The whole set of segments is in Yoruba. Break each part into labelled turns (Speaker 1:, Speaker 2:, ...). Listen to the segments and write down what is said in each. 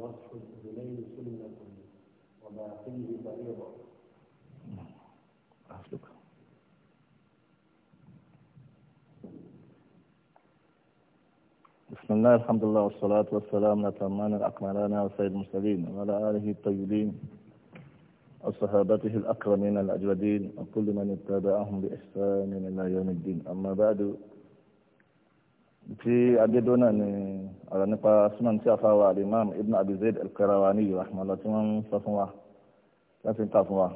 Speaker 1: ومسح الأذنين
Speaker 2: سنة وما فيه فريضة نعم.
Speaker 1: بسم الله الحمد لله والصلاة والسلام على تمام الأكملان وسيد المرسلين وعلى آله الطيبين وصحابته الأكرمين الأجودين وكل من اتبعهم بإحسان إلى يوم الدين أما بعد tí adédọ́ náà ni ọ̀rọ̀ nípa sunan tí a fa wa alimam ibn abi zayd al-Qarawani rahmanulah tí wọ́n ń sọ fún wa láti ń kà fún wa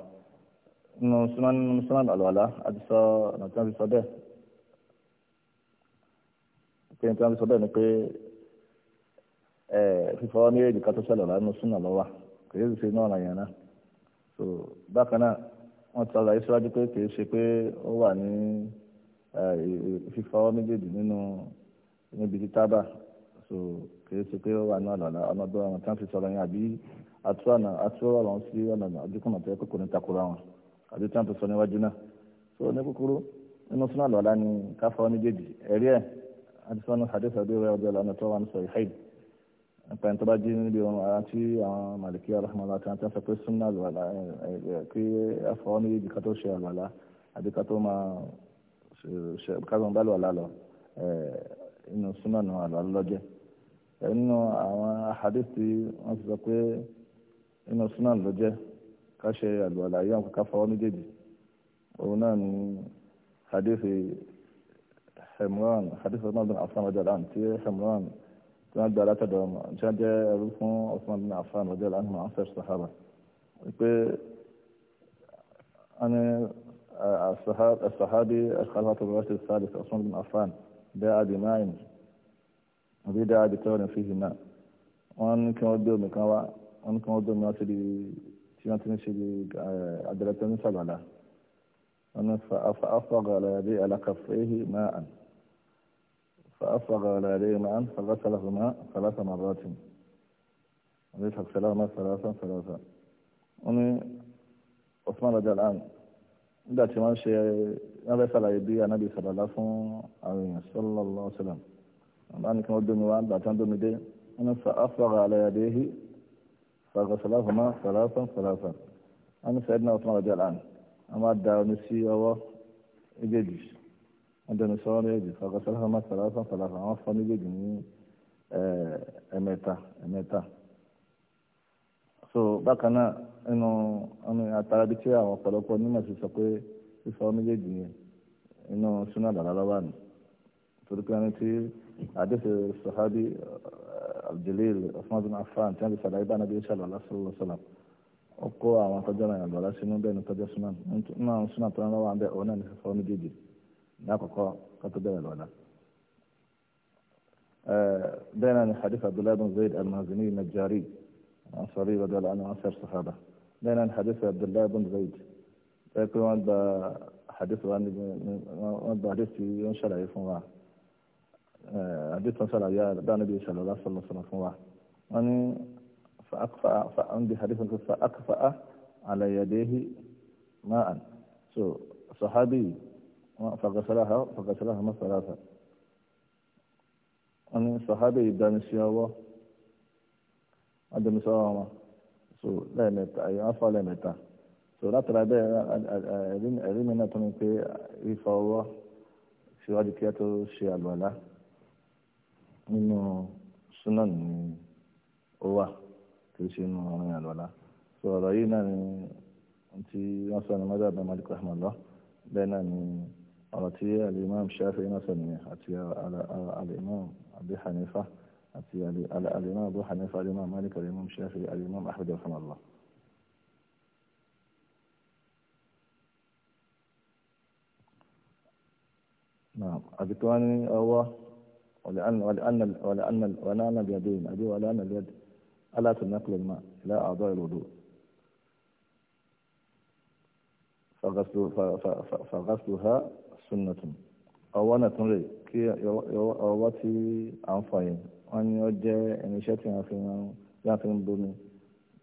Speaker 1: nínú sunan sunan alwala àti sọ ọ̀nà tí wọ́n fi sọ bẹ́ẹ̀ pé tí wọ́n fi sọ bẹ́ẹ̀ ni pé fífọ́ ní èdè kátó sẹ́lẹ̀ ọ̀la nínú sunan lọ́wọ́ kò yẹ kó ṣe náà làyàn náà so bákan náà wọ́n ti àlàyé síwájú pé kì í ṣe pé ó wà ní fífọ́ méjèèjì nínú níbi tí tábà so kì í ṣe pé ó wà ní ọ̀nà ọ̀nà bí wọn kàn fi sọ̀rọ̀ yẹn àbí atú ọ̀nà atú ọ̀rọ̀ wọn sí ọ̀nà àdúkùnà tó kókò ní takora wọn àbí tí wọn fi sọ níwájú náà so ní kúkúrú nínú súnà lọ́la ni káfọ́ méjèèjì ẹ̀rí ẹ̀ adisọ́nù hadith àbí rẹ̀ ọ̀dọ́ ọ̀nà tó wà ní sọ̀rọ̀ ìhàyè nípa ẹni tó bá jí níbi ohun ara tí àwọn màlìkí ọlọ́mọlá tí wọ́n ti ń sọ pé súnà lọ́la kí afọ́ méjèèjì ká tó ṣe àlọ́lá àbí ká tó máa ṣe ká tó ń bá lọ́la lọ inú súnmọ́nù àlọ́lọ́jẹ́ nínú àwọn hadith tí wọ́n ti sọ pé inú súnmọ́nù lọ́jẹ́ ká ṣe àlùwàlà yóò kó ká fọwọ́ méjèèjì òun náà ni hadith hemron hadith Uthman bin Affan radiyallahu anhu tí hemron tí wọ́n gba látọ̀dọ̀ tí wọ́n jẹ́ ẹrú fún Uthman bin Affan radiyallahu anhu àwọn fẹ́ẹ́ sàhábà pé wọ́n ní الصحابي الخلفة الراشد الثالث عثمان بن عفان dáa di máa yìí àbí dáa di tọ́lẹ̀ fi hì náà wọ́n ní kí wọ́n gbé omi kan wá wọ́n ní kí wọ́n gbé omi wá sí ibi tí wọ́n ti ń ṣe ibi àdàlẹ́tẹ̀ ní sàgbàlá wọ́n ní fa afọ́gàlà rí alákàfẹ́hì máa àn fa afọ́gàlà rí máa àn fàlásàlásà máa fàlásà máa bá tì àbí fàlásà máa fàlásà fàlásà wọ́n ní osman rajal'an nígbà tí wọ́n ṣe wọ́n fẹ́ sàlàyé bí anábì sàlàlá fún àwọn èèyàn sallallahu alaihi wasallam àmọ́ ní kí wọ́n dómi wá gbà tán dómi dé wọ́n fa afọ́ra aláyàdéhì fàgọ́sọ̀láhùnmá fàlàfàn fàlàfàn wọ́n ní sẹ́dínà ọ̀tún ọ̀dẹ́ àlàn wọ́n máa da omi sí ọwọ́ méjèèjì wọ́n dẹnu sọ́wọ́ méjèèjì fàgọ́sọ̀láhùnmá fàlàfàn fàlàfàn wọ́n fọ́ méjèèjì ní ẹ̀ẹ̀mẹ́ta eh, ẹ̀ẹ̀mẹ́ta so bákan náà nínú àtàràbí tí àwọn ọ̀pọ̀lọpọ̀ onímọ̀ sí sọ pé ìfọ́ méjèèjì yẹn inú súnà bàbá lọ́wọ́ àná torí pé ẹni tí àdéhùn sàhábì abdulil Usman bin Affan tí wọ́n ti sàdáyé bá nàbí sàlọ́ lásìlọ́ sàlọ́ ó kó àwọn akọ́jọ́ náà lọ́la sínú bẹ́ẹ̀ ní tọ́jọ́ súnà suna náà àwọn súnà tó ń lọ́wọ́ àbẹ́ òun náà ní ìfọ́ méjèèjì ní àkọ́kọ́ kátó bẹ́ẹ̀ lọ́la. بين حديث عبد الله بن زيد المازني النجاري الأنصاري رضي الله عنه أنصار الصحابة بين حديث عبد الله بن زيد pé wọ́n gba àdéhùn wa níbi wọ́n gba àdéhùn tí wọ́n ṣàlàyé fún wa àdéhùn tó ń ṣàlàyé dáná bíi ṣàlọ́ lásán lọ́sọ̀rọ̀ fún wa wọ́n ní fa'akfa'a àdéhùn tó fa'akfa'a ala yadihi ma'an so sahabi fagasalaha fagasalaha masalasa wọ́n ní sahabi ìdánisíọ́wọ́ adamisọ́wọ́ wọn so lẹ́ẹ̀mẹ́ta àyè wọ́n fọ́ lẹ́ẹ̀mẹ́ta. so látara bẹ́ẹ̀ ẹ̀rí mi náà tó ní pé fífọ ọwọ́ síwájú kí a tó ṣe àlùwàlá nínú súnà ní ó wà kì í ṣe nínú ọ̀rìn àlùwàlá so ọ̀rọ̀ yìí náà ni tí wọ́n sọ ní mọ́tò àbámọ́ àdìpọ̀ àmọ́ lọ bẹ́ẹ̀ náà ni ọ̀rọ̀ tí alimam Shafi'i náà sọ nìyẹn àti alimam Abi Hanifa àti alimam Abu Hanifa alimam Malik alimam Shafi'i alimam Ahmad rahimahullah. نعم أذكرني هو ولأن ولأن ولأن ولأن اليدين أبي ولأن اليد ألا تنقل الماء إلى أعضاء الوضوء فغسل فغسلها سنة أولا تنري كي ọwọ́ tí a ń fọ yẹn wọ́n ní ó jẹ́ irinṣẹ́ tí wọ́n fi ń bomi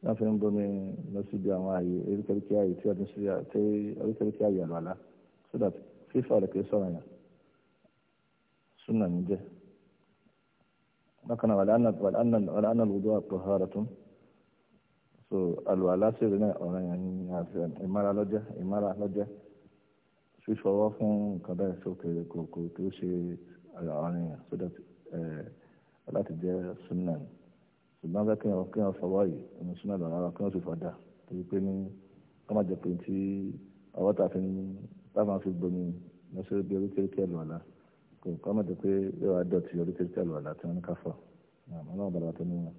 Speaker 1: wọ́n fi ń bomi lọ síbi àwọn ààyè erékèrékè ààyè tí ọdún sí ààyè àlọ́ àlá so that fífọ̀ rẹ̀ kì í sọ̀rọ̀ yẹn súnà ní jẹ́ bákan náà wàlá àná lòdù àtọ̀hárọ̀tún so àlùwàlá sèrè náà ọ̀rọ̀ yẹn ní àfihàn ìmára lọ́jẹ́ ìmára lọ́jẹ́ fífọwọ́ fún nǹkan bẹ́ẹ̀ sókèrè kòkò tó ṣe ọ̀rìn yẹn so that láti jẹ́ súnà ní ṣùgbọ́n bẹ́ẹ̀ kéèyàn kéèyàn fọwọ́ yìí ọmọ súnà lọ́wọ́ ara kéèyàn sì fọdà torí pé ní wọ́n má jẹ́ pé tí ọwọ́ ta kò kọ́ mọ̀ tó pé yóò wá dọ̀tí oríṣiríṣi àlùwàlà tí wọ́n ní ká fọ̀ àmọ́ náà bàbá tó ní wọn.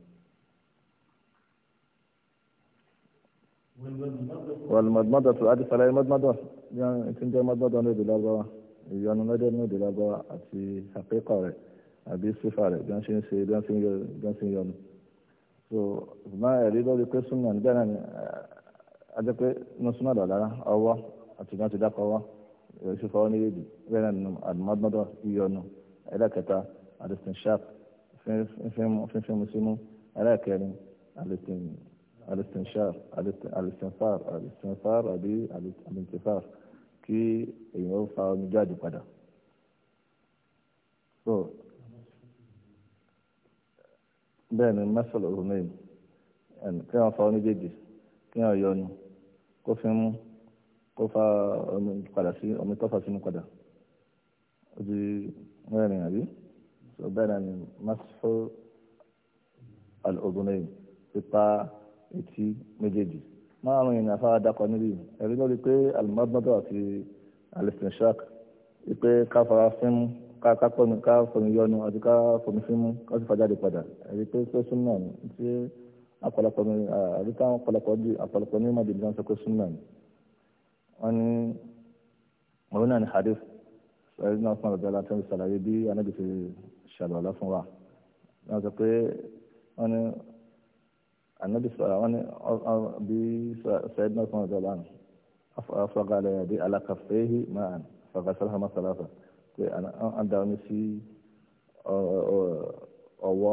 Speaker 1: والمضمضة هذه فلا المضمضة يعني تنجي المضمضة نود الأربعة يعني نود نود الأربعة في حقيقة أبي صفة بيان شين سي بيان سين بيان سين يون so ما يريد هذا كل سنة بيان أنا أدرك نسمع ولا لا أوه أتجمع تدق أوه oṣù fọwọ́ ní yéèdì bẹ́ẹ̀ náà nínú àdùmọ́dọ́dọ́ yíyọnu ẹlẹ́kẹta àdùsìn sharp fífín musímú ẹlẹ́kẹrin àdùsìn sharp àdùsìn far àdùsìn far àbí àdùsìn far kí èèyàn ó fa omi jáde padà. so bẹ́ẹ̀ ni mẹ́sàlẹ̀ òhùnmẹ́yìn kí wọ́n fa omi kí wọ́n yọnu kó fi mú kó fa ọmọ padà sí ọmọ tó fa sínú padà ó di mẹ́rin àbí sọ bẹ́ẹ̀ náà ni masfo al-odunayi pípa etí méjèèjì márùn-ún yìí ni afárá dakọ̀ níbí ẹ̀rí lórí pé alimọ́dọ́dọ̀ àti alistinshak wípé káfara fímú kápẹ́nu káfọ́nù yọnu àti káfọ́nù fímú ká sì fàjáde padà ẹ̀rí pé pé súnmọ́ ni tí ọ̀pọ̀lọpọ̀ ní àríkà ọ̀pọ̀lọpọ̀ ní mọ̀dé ní wọ́n sọ pé súnmọ́ ni wọn ní òun náà ní hadith sọ̀rọ̀ náà fún àgbàdo aláta ní sàlàyé bí anábì ti ṣàlùwàlá fún wa wọn sọ pé wọn ní anábì sọ̀rọ̀ wọn ní bí sọ̀rọ̀ náà fún àgbàdo aláta afọ́gá lẹ́yìn àbí alákàfẹ́hì máa fàgàsálà máa sàlàfà pé à ń da omi sí ọwọ́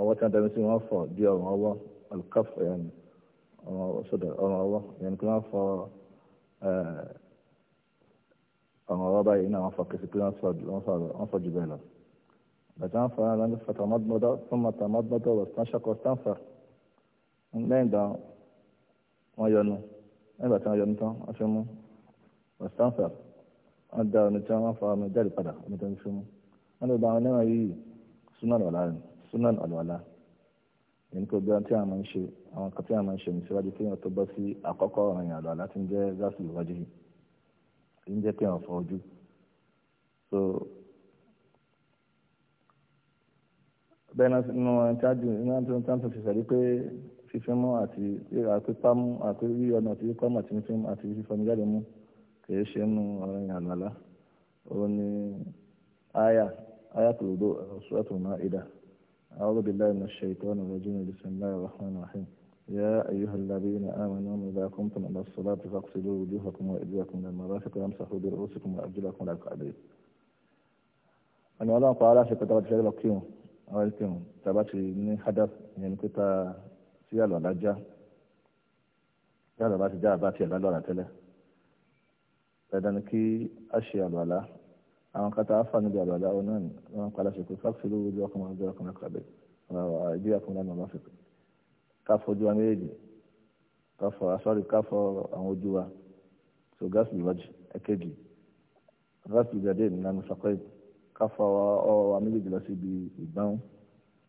Speaker 1: ọwọ́ tí wọ́n da sí wọ́n fọ̀ di ọ̀rùn ọwọ́ alukaf ọ̀rùn ọwọ́ yẹn kí wọ́n fọ̀ ọ́. Eh, àwọn ọ̀rọ̀ báyìí náà wọ́n fọ kẹsì pé wọ́n sọ jù bẹ́ẹ̀ lọ. bàtà ń fa lọ́nà fàtàmọ́dọ́dọ́ fún mọ̀tàmọ́dọ́dọ́ wọ̀sán ṣọkọ stanford lẹ́yìn ìgbà wọ́n yọnu lẹ́yìn bàtà wọ́n yọnu tán wọ́n fi mú stanford wọ́n da omi tí wọ́n fa omi jáde padà omi tó ń fi mú. wọ́n lè gba àwọn ẹlẹ́wọ̀n yìí sunan ọ̀la ní gbogbo àwọn tí a máa ń ṣe àwọn kan tí a máa ń ṣe ní síwájú kí wọn tó bọ́ sí àkọ́kọ́ ọ̀ràn yàn láti ń jẹ́ gáàsì ìwájú yìí ń jẹ́ pé àwọn fọ ojú so bẹ́ẹ̀ náà nínú àwọn tí a jù nínú àwọn tí wọ́n ti sọ̀rọ̀ pé fífímú àti ríra pípa mú àti yíyọ náà àti pípa mú àti fífímú àti fífọmi jáde mú kìí ṣe nínú ọ̀ràn yàn lọ́la ó ní àyà àyà tòlódó suratul أعوذ بالله من الشيطان الرجيم بسم الله الرحمن الرحيم يا أيها الذين آمنوا إذا قمتم إلى الصلاة فاغسلوا وجوهكم وأيديكم إلى المرافق وامسحوا برؤوسكم وأرجلكم إلى الكعبين أنا ولا أقول شيء كتبت في الوقيم أو الكيم تبعت من حدث يعني كنت سيال ولا جاء يا رب جاء باتي لا لا تله بدنك أشياء ولا àwọn kata afa níbi àbàdà àwọn náà wọn padà ṣe pé fáfíìlì owó ìjọ ọkùnrin ọjọ ọkùnrin kàbẹ ìdíyà fún lẹnu ọba fìpé káfọ ojú wa méjèèjì káfọ asọrí káfọ àwọn ojú wa so gáàsì ìwájú ẹkẹjì gáàsì ìgbàdé ìnáwó sọkọyì káfọ ọwọ́ wa méjèèjì lọ sí ibi ìbáwọn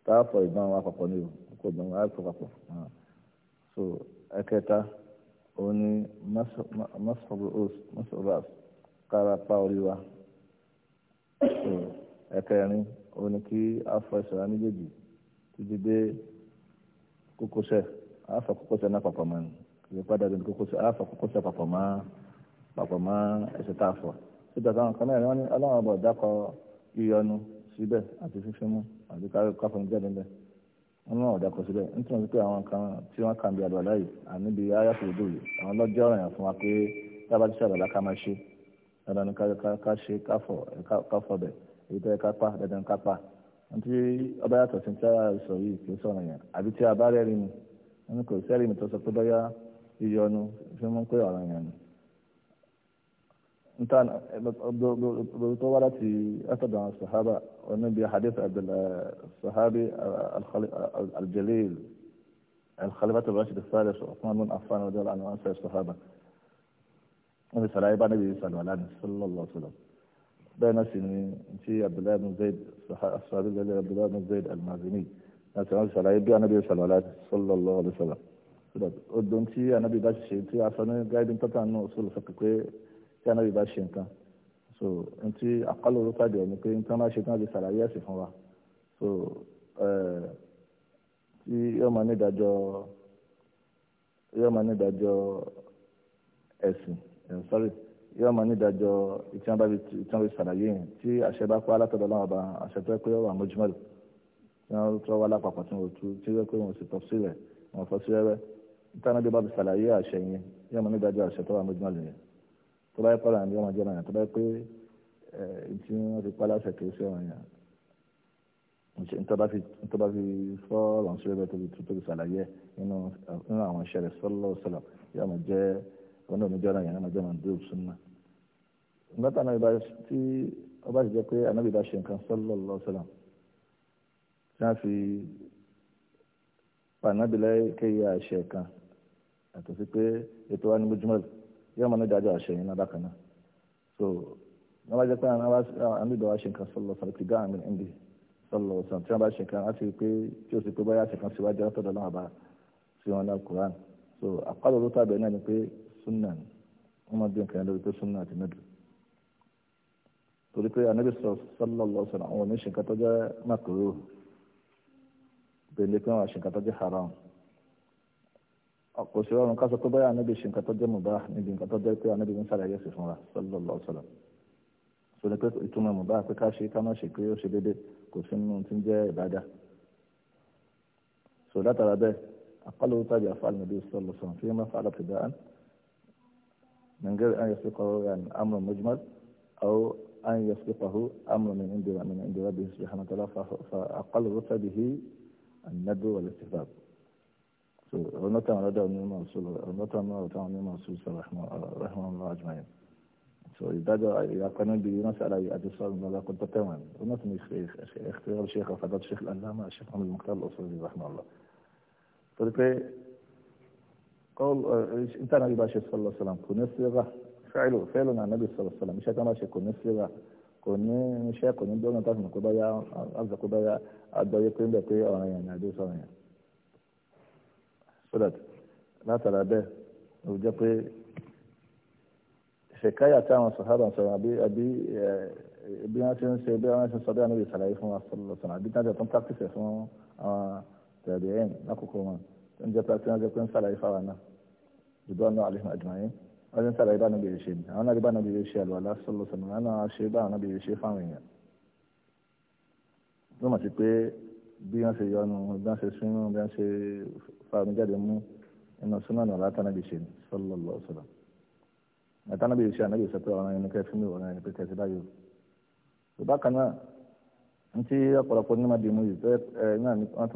Speaker 1: káfọ ìbáwọn àpapọ̀ ní o kò ìbáwọn àpapọ̀ so ẹ̀kẹta òun ni masoro ras kára pa orí wa. Hmm. ẹ̀kẹrin ó ní kí afọ ẹsẹ̀ wa méjèèjì títí dé kókósẹ̀ àáfà kókósẹ̀ náà papọ̀ mọ́ ni ìyẹn padà bí kókósẹ̀ àáfà kókósẹ̀ papọ̀ mọ́ papọ̀ mọ́ ẹsẹ̀ tá a fọ̀ síbi àtàwọn kan mẹ́rin wọn ní ọlọ́run ọba ọ̀dàkọ yíyọnu síbẹ̀ àti fífín mú àti káfọn jáde ńbẹ wọn náà ọ̀dàkọ síbẹ̀ nítorí wọn pé àwọn kan tí wọn kàn bí àdúrà láyè àníbi ayáfẹ́ òdòwò àwọn lọ́jọ́ ọ̀ràn fún wa pé tábàtì sàbàlá ká máa ṣe dandan ni ká ṣe káfọ̀ bẹ̀ èyí tó yẹ ká pa dandan ni ká pa àti ọba yàtọ̀ sí tí a sọ yìí kì í sọ̀rọ̀ yẹn àbí tí a bá rẹ́rìí ni wọn ni kò sẹ́rìí mi tó sọ pé bóyá ìyọnu fi mú pé ọ̀rọ̀ yẹn ni. nta tó wá láti ẹ́sọ̀dọ̀ àwọn sàhábà oníbi hadith sàhábì aljalil alkhalifatul rashid salih Uthman bin Affan radiyallahu anhu sàhábà. wọ́n ti sàlàyé bá níbi ìsàlù aláàbí sallallahu alaihi wasallam bẹ́ẹ̀ náà sì ni ti abdullahi bin zayd sàbí lẹ́lẹ́ abdullahi bin zayd al-mazini náà sì wọ́n ti sàlàyé bí anábì ìsàlù aláàbí sallallahu alaihi wasallam odun tí anábì bá ṣe tí a sọ ní gáídìn pátá náà sọ sọkè pé tí anábì bá ṣe nǹkan so ntí àkọlù orúkọ àdìẹ ni pé nǹkan máa ṣe tí wọ́n ti sàlàyé fún wa so eh, tí yóò máa ní ìdájọ́ yóò máa ní ìdájọ́ ẹ̀sìn Eh, sorry yóò máa nídàájọ́ ìtàn bá fi ṣàlàyé yẹn tí àṣẹ bá pa látọ̀dọ̀ láwọn ọba àṣẹ tó pé ọ̀rọ̀ àmójúmọ́lù tí wọ́n tọ́ wá lápapọ̀ tí wọ́n tú tí wọ́n pé wọ́n sì tọ́ sílẹ̀ wọ́n fọ́ sí wẹ́wẹ́ ìtàn náà bí bá fi ṣàlàyé àṣẹ yẹn yóò máa nídàájọ́ àṣẹ tó wà àmójúmọ́lù yẹn tó bá yẹ pàrọ̀ àmì yóò máa jẹ́ ọ̀nà tó bá yẹ pé eh, tí wọ́n fi pa láṣẹ kì í ṣe ọ̀nà ntọ́ba fi fọ́ ọ̀rọ̀ ṣẹlẹ̀ tó fi ṣàlàyé nínú àwọn ìṣẹ̀lẹ̀ sọ́lọ́ sọ́lọ́ yóò máa jẹ́ wọn náà níjọ́ náà yẹn náà jẹ́ màdúró súnmọ́ nígbàtà náà tí ọba ti jẹ́ pé anábì bá ṣe nǹkan sallallahu alaihi wasallam tí wọ́n fi pàànàbì lẹ́yìn kéye àṣẹ kan àti sí pé ètò wa ní mojúmọ́ yóò máa ní dájọ́ àṣẹ yẹn náà náà so wọ́n bá jẹ́ pé anábì bá ṣe nǹkan sallallahu alaihi wasallam ti gáàmì ẹ̀ndì sallallahu alaihi wasallam tí wọ́n bá ṣe nǹkan láti pé tí ó sì pé báyà àṣẹ kan síwájú látọ̀dọ̀ náà bá sí wọn náà kúrán so àkọlù tó tàbí náà ni pé súnà ni wọ́n máa bí nǹkan yẹn lórí pé súnà àti mẹ́dù torí pé anabi sallallahu sọ̀rọ̀ àwọn oníṣẹ́ nǹkan tó jẹ́ makaro bẹ̀lẹ́ pé àwọn àṣìǹkan tó jẹ́ haram kò sí ọrùn kásọ pé báyà anabi ṣe nǹkan tó jẹ́ mubah níbi nǹkan tó jẹ́ pé anabi ń sàlàyé sí fúnra sallallahu sọ̀rọ̀ sọ ni pé ìtumọ̀ mubah pé ká ṣe ká má ṣe pé ó ṣe déédéé kò sí nínú tí ń jẹ́ ìbádà sọ látara bẹ́ẹ̀ aqallu tabi afal nabi sallallahu sọ̀rọ̀ fi ma fa'ala ibtida'an من غير أن يسبقه يعني أمر مجمل أو أن يسبقه أمر من عند من عند ربه سبحانه وتعالى فأقل رتبه الندب والاستحباب ونتم على دعوة من رسول ونتم على دعوة من رسول رحمه الله أجمعين إذا إذا كانوا بمسألة يتصل ماذا قلت تمام ونتم اختيار الشيخ فضل الشيخ العلامة الشيخ محمد المختار الأصولي رحمه الله. قول انت نبي باش صلى الله عليه وسلم كون صيغة فعله فعل النبي صلى الله عليه وسلم مش هتما شيء كون صيغة كون مش كون دون تعرف كوبايا أرض كوبايا ادوي كون بيتي أو يعني أدوية صلى يعني صلاة لا ترى به وجاكوي شكاية تام الصحابة صلى أبي أبي bí wọ́n ti ń ṣe bí wọ́n ti صلى الله عليه وسلم ti ń ṣàlàyé fún wa sọ̀rọ̀ sọ̀rọ̀ àbí tí wọ́n ti tún practice ẹ̀ fún tẹ̀lé ẹ̀yìn lákòókò wọn. oúnjẹ pàṣẹ wọn jẹ pé ń sàlàyé fáwọn náà ìbọn náà àlehùn àjùmáyé wọn jẹ ń sàlàyé bá nàbí yìí ṣe ni àwọn náà rí bá nàbí yìí ṣe àlùwàlá sọlọ sọlọ àwọn náà ṣe bá àwọn nàbí yìí ṣe fáwọn èèyàn ló mọ̀ sí pé bí wọ́n ṣe yọnu bí wọ́n ṣe sínú bí wọ́n ṣe fáwọn jáde mú inú súnmọ́ náà látànàbí ṣe ni sọlọ lọ sọlọ àtànàbí yìí ṣe ànàbí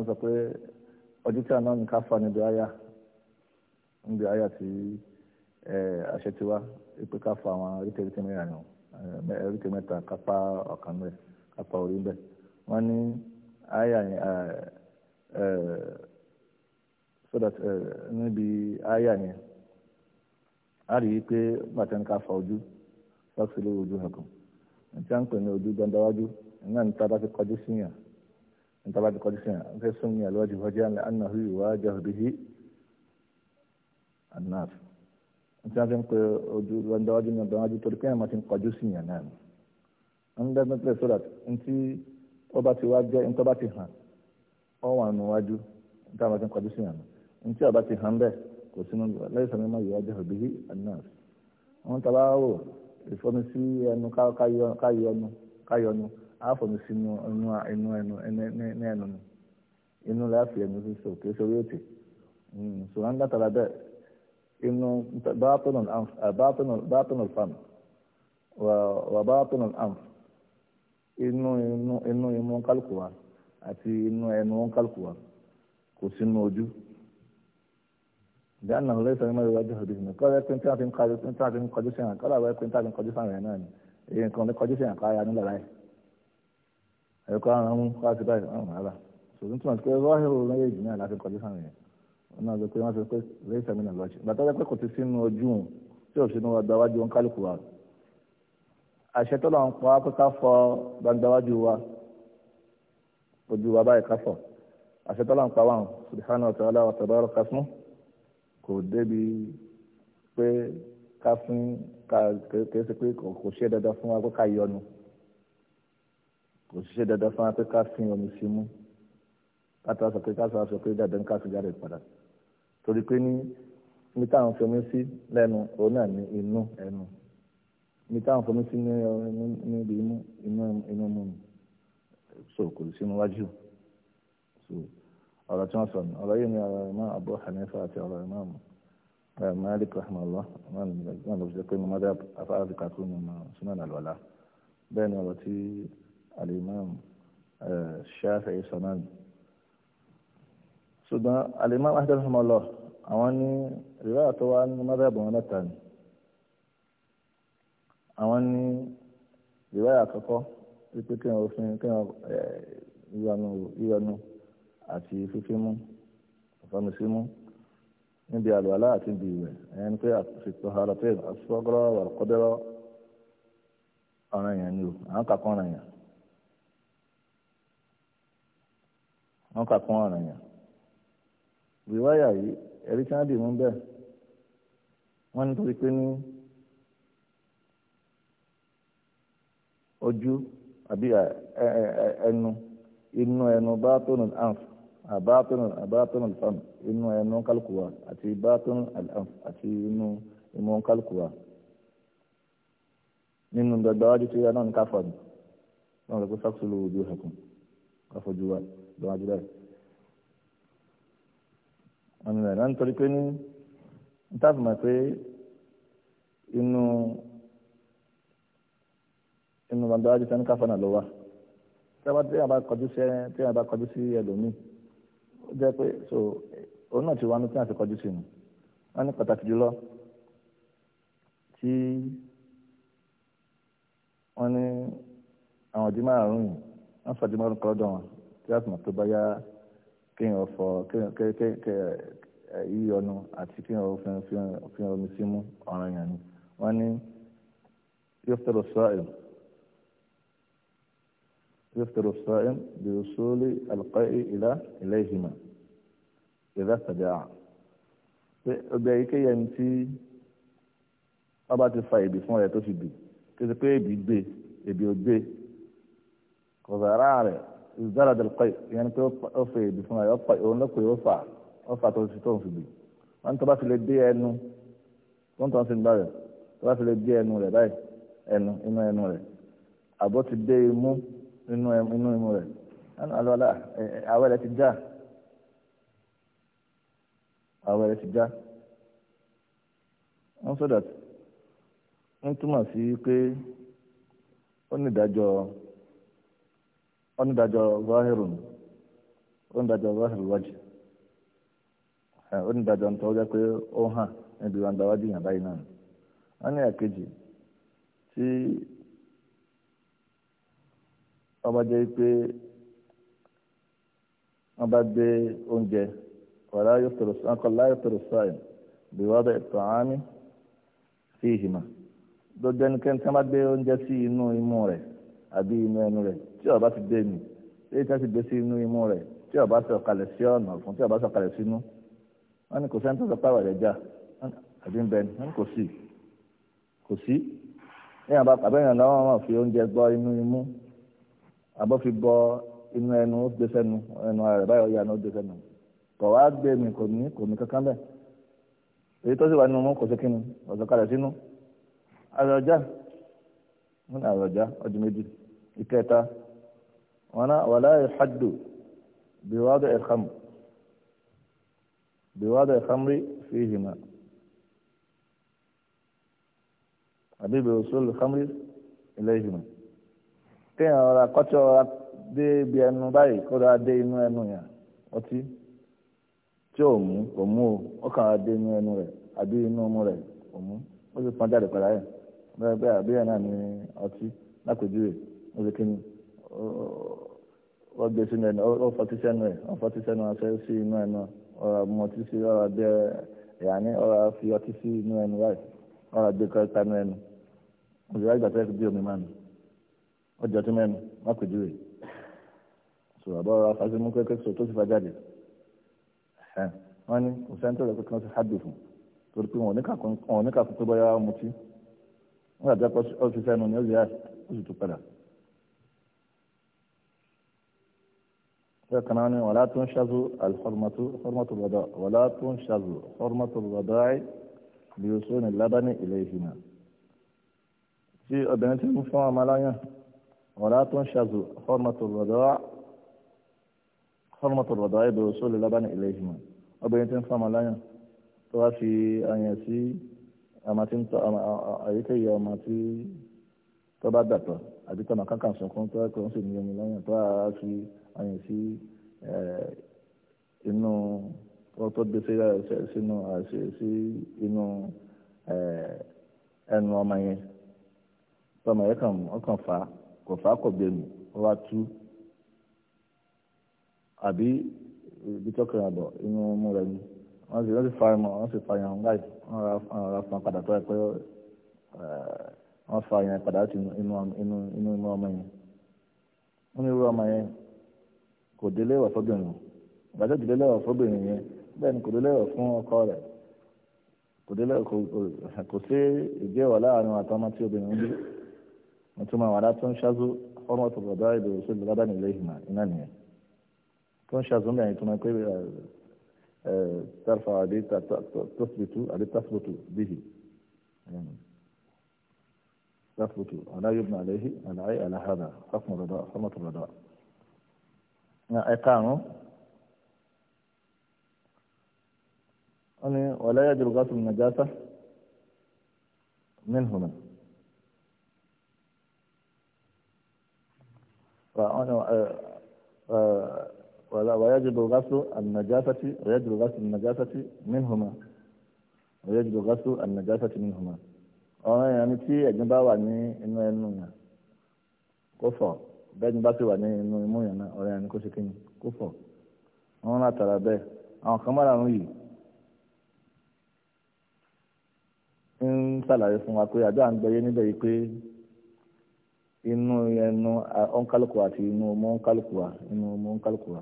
Speaker 1: sọ pé ọjọ́ tí àná nìkan fa níbi àyà níbi àyà tí àṣẹ ti wá pé ká fa àwọn eréte mẹ́rin àná eréte mẹ́ta kápá ọ̀kan mẹ́ kápá orí bẹ́ẹ̀ wọ́n ní àyà yẹn so that níbi àyà yẹn a rí i pé bàtà nìkan fa ojú sọ́ọ̀sì lórí ojú ẹ̀kọ́ nǹkan pè ní ojú dandáwájú náà níta bá ti kọjú síyàn. انت بعد قد سنة سمي الوجه وجها لأنه يواجه به النار انت عارف انك واندواجه من الدواجه تركيا ما تنقجو سنة نعم عند مثل سورة انت وبات واجه انت بات هان او عن واجه انت ما تنقجو سنة انت بات هان به كسنة ليس مما يواجه به النار انت بقى هو الفرنسي انه كايونو كايونو àfọ̀mù sínú inú ẹnu ní ẹnu ni inú láti ẹnu sí so kì í sori òtì hmm, so wọn látara bẹ́ẹ̀ inú báàtọ̀nù fam wà báàtọ̀nù am inú inú imú kálukú wa àti inú ẹnu kálukú wa kò sínú ojú dáná ọ̀rẹ́ ìsọ̀rọ̀ mẹ́rin wájú ọ̀dọ̀ ìsìnkú kọ́ ẹ́pẹ́ tí wọ́n fi ń kọjú sí àǹkọ́ làwọn ẹ́pẹ́ tí wọ́n fi ń kọjú sí àwọn ẹ̀ náà ni èyí nǹkan ní kọjú sí àǹkọ́ ara nílẹ̀ láì ẹ̀kọ́ àwọn ọmọ kọ́ àti báyìí àwọn ará ṣòro túmọ̀ sí pé rọ́hìrò lóye jù náà láti kọjú sáwọn yẹn wọn náà sọ pé wọn sọ pé lẹ́yìn sẹ́mínà lọ́ọ̀ṣì bàtà pé kò ti sínú ojú òun tí ò sínú ọgbà wájú wọn kálukú wa àṣẹ tó lọ́n pa pé ká fọ gbangba wájú wa ojú wa báyìí ká fọ àṣẹ tó lọ́n pa wà hàn subhanahu wa ta'ala wa tabaraka fún kò débi pé ká fún ká kèé pé kò ṣe dandan fún wa kò ṣiṣẹ́ dandan fún apẹ́ ká sin omi sí mú kátà sọ pé ká sọ sọ pé dandan ká sì jáde padà torí pé ní ní táwọn fi omi sí lẹ́nu òun náà ní inú ẹnu ní táwọn fi omi sí níbi imú inú inú mú mi so kò sí níwájú so ọ̀rọ̀ tí wọ́n sọ ní ọ̀rọ̀ yìí ni ọ̀rọ̀ Imam Abu Hanifa àti ọ̀rọ̀ Imam eh, Malik rahmanulah náà ló fi jẹ́ pé mo máa dá afárá fi kàtó nínú súnmọ́ ìnàlọ́lá bẹ́ẹ̀ ni ọ̀rọ̀ tí alimam eh, Shafi'i sanan ṣùgbọ́n alimam ahmed rahmanlọ àwọn ní ìwé àtọwá ní mọ́tàbọ̀ wọn mẹ́ta ni àwọn ní ìwé àkọ́kọ́ wípé kí wọn òfin kí wọn ìyọnu eh, ìyọnu àti fífímú ìfọmísímú níbi àlùwàlá àti ibi ìwẹ̀ ẹni pé àsìkò harapin asọ́gọ́rọ́ wàlúkọ́dẹ́rọ́ ọ̀ràn yẹn ni o àwọn kàkọ́ ọ̀ràn yẹn. wọn kà kún ọ̀ràn yẹn rìwáyà yìí ẹ̀rí tí wọ́n dì mú bẹ́ẹ̀ wọ́n nítorí pé ní ojú àbí ẹnu inú ẹnu bátónù anf àbátónù àbátónù fam inú ẹnu kálukúwa àti bátónù anf àti inú imú kálukúwa nínú gbẹgbẹ wájú tí yẹn náà ní káfọ́ọ̀nù wọn rẹ̀ kó sáksúlù ojú ẹ̀kún káfọ́jú wájú. lọ́wọ́ jùlọ wọn ni bẹ́ẹ̀ náà nítorí pé ní níta fi mọ̀ pé inú sani káfọ́ na ló wá tí a bá kọjú sí tí a bá kọjú sí ẹlòmíì ó pé so òun náà ti wá ní tí a tún tó bá yá kéèyàn fọ yíyọnu àti kéèyàn fi omi sí mú ọ̀ràn yẹn ni wọ́n ní yóò fẹ́ lọ sọ́ọ̀lù. يفطر الصائم بوصول القيء إلى إليهما إذا استجاع ọbẹ̀ yìí kéèyàn tí wọ́n bá ti fa èbì fún ọ̀rẹ́ tó fi bì kí ṣe pé èbì gbé èbì ò gbé kò sàrà rẹ̀ ìzára dàlùkọ́ ìyẹn pé ó fè èdè fún ẹ òun ló pè ó fà ó fà tó ti tó ń fi bì wọ́n tó bá fi lè dé ẹnu wọ́n tó ń fi gbà rẹ̀ tó bá fi lè dé ẹnu rẹ̀ báyìí ẹnu inú ẹnu rẹ̀ àbó ti dé imú inú inú imú rẹ̀ ẹnu alọ́lá àwẹ̀ rẹ̀ ti já àwẹ̀ rẹ̀ ti já wọ́n sọ̀dọ̀ ń túmọ̀ sí pé ó ní ìdájọ́ ọ. onu zahirun onídàájọ́ zahirun wájú onu ntọ́ jẹ́ pé ó oha níbi wọn dáwájú yàn báyìí na wọ́n ní àkejì tí ọba jẹ́ pé wọ́n bá oúnjẹ wàlá yóò tòrò sáà bí wọ́n bẹ̀ tọ̀ sí ìhìmà ẹnikẹ́ni tí tí ọba ti dé nù léyìí tá ti gbé sí inú imú rẹ̀ tí ọba sọ kalẹ̀ sí ọ̀nà fún tí ọba sọ kalẹ̀ sínú wọn ni kò sẹ́ni tó sọ pé àwàdà já àbí ń bẹni wọn ni kò sí kò sí lẹ́yìn àbá àbẹ́yìn lọ́wọ́ wọn fi oúnjẹ gbọ́ inú imú abọ́ fi bọ inú ẹnu ó gbé sẹ́nu ẹnu rẹ̀ báyọ̀ ya ni ó gbé sẹ́nu kọ̀ wá gbé mi kò ní kò ní kankan bẹ́ẹ̀ èyí tó sì wà nínú mú kò sí kíni ọ̀sọ̀ kalẹ̀ sínú àròjà wọn ni àròjà ọdún méjì ìkẹta ولا يحد بوضع الخمر بوضع الخمر فيهما àbí بوصول الخمر إليهما kéèyàn ọ̀rọ̀ akọ́tí ọ̀rọ̀ dé ibi ẹnu báyìí kó dáa dé inú ẹnu yẹn ọtí tí ò mú kò mú o ó kàn á dé inú ẹnu rẹ̀ àbí inú ọmú rẹ̀ kò mú ó sì pọn jáde padà yẹn bẹ́ẹ̀ bẹ́ẹ̀ àbí ẹ̀ náà ní ọtí lápèjúwe ó sì kéyìn wọ́n gbé sínú ẹ̀ ó fọtí sẹ́nu ẹ̀ ó fọtí sẹ́nu aṣọ sí inú ẹ̀ náà ọ̀rọ̀ mọtí sí ọ̀rọ̀ abẹ́ ìyàní ọ̀rọ̀ fi ọtí sí inú ẹnu láì ọ̀rọ̀ abẹ́ kọ́ ẹ̀ka inú ẹnu òṣèré àgbà fẹ́ẹ́ fi bí omi mánu ọjọ́ tó mẹ́nu má pè júwe sọ̀rọ̀ àbọ̀ ọ̀rọ̀ afásí mú kékeré sọ tó sì fa jáde wọ́n ní kò sẹ́ńtò rẹ̀ kékeré ti hábì fún torí pé wọn ò ní kàkún pé bọ́yá mutí wọ́n yàtọ̀ ọ́fíìsì ẹnu ni ó yẹ ó sì tún padà kan náà ni wàlá tó ń ṣàzù alhormatu hormatu bàdà wàlá tó ń ṣàzù hormatu bàdà ẹ̀ bí o sọ ní lábání ilé ìhìnà tí obìnrin ti ń fún ọmọ aláyàn wàlá tó ń ṣàzù hormatu bàdà hormatu bàdà ẹ̀ bí o sọ ní lábání ilé ìhìnà obìnrin ti ń fún ọmọ aláyàn tó wá fi àyàn sí àmàtí àyíkéyìí ọmọ tí tó bá dàtọ̀ àbí tọ̀nà kankan sunkún tó ẹ̀kọ́ ń sì ní omi lẹ́yìn tó a fi àyìn sí inú tó gbé sínú sí inú ẹnu ọmọ yẹn tọmọ yẹn kàn ọkàn fà á kò fà á kò gbẹmí ó wá tú àbí ibi tọkàn àbọ̀ inú ọmọ rẹ ni wọ́n sì wọ́n sì fa ẹmọ wọ́n sì fa yàn láì wọ́n ra fún padà tó ẹ pé wọ́n fa yàn padà láti inú ọmọ yẹn wọ́n ní irú ọmọ yẹn kò délé wà fọ́bìnrin ìbàjẹ́ délé lẹ́wọ̀ fọ́bìnrin yẹn bẹ́ẹ̀ ni kò délé wà fún ọkọ rẹ̀ kò délé kò sí ìgbéwà láàrin àtọmọ tí obìnrin bí wọn tún máa wà látún ṣáájú fọmọ tó bọdọ ìdò òṣèlú lábàáni ilé ìhìnà iná nìyẹn tó ń ṣáájú mẹ́rin tó máa pé tàfà àbí tọ́sibítù àbí tàfùtù bíhì tàfùtù ọ̀nà yóò bùn àléhì ẹ̀karùn-ún wọ́n ní wàlẹ́ yẹ́dùrú gọ́tùn nàjásá mìíràn ويجب غسل النجاسة ويجب غسل النجاسة منهما آه، آه، ويجب غسل النجاسة منهما أنا يعني تي أجنبا وعني إنه إنه يعني. كفر bẹ́ẹ̀ni bá ti wà ní inú imú yẹn náà ọ̀rẹ́ ẹni kó ṣe kíni kó fọ̀ wọn látara bẹ́ẹ̀ àwọn kan mára ń yìí ń ṣàlàyé fún wa pé àjọ ń gbẹyẹ níbẹ̀ yìí pé inú ẹnu ọ̀nkálùkù àti inú ọmọ ọ̀nkálùkù wa inú ọmọ ọ̀nkálùkù wa.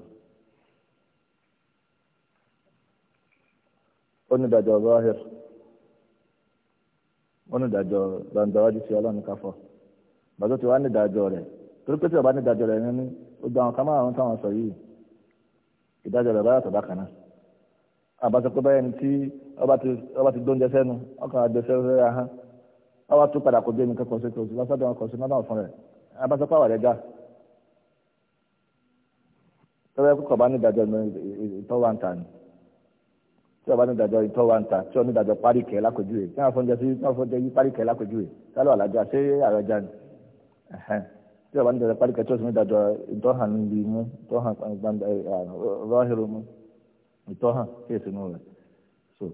Speaker 1: ní torí pé tí ọba ní ìdájọ́ rẹ̀ ní gbogbo àwọn kan táwọn sọ yìí báyà kan náà pé ọba ti dóúnjẹ sẹ́nu ọkàn àjọṣe rẹ̀ ahán ọba tún padà kó dé nǹkan kan sí kò sí lọ́sọ̀dọ̀ sí ọ̀fun rẹ̀ pé ga tọ́wọ́ kọ́kọ́ bá ní tí ọba ní ìdájọ́ ìtọ́wà ń ta tí ọ ní lákòjúwe tí a bá ń dẹ̀rẹ̀ parí kẹtọ́ sí mi dájọ́ ìtọ́hàn níbi mú ìtọ́hàn gbangba rọ́ọ̀hìrò mú ìtọ́hàn kí èsì nù rẹ̀ so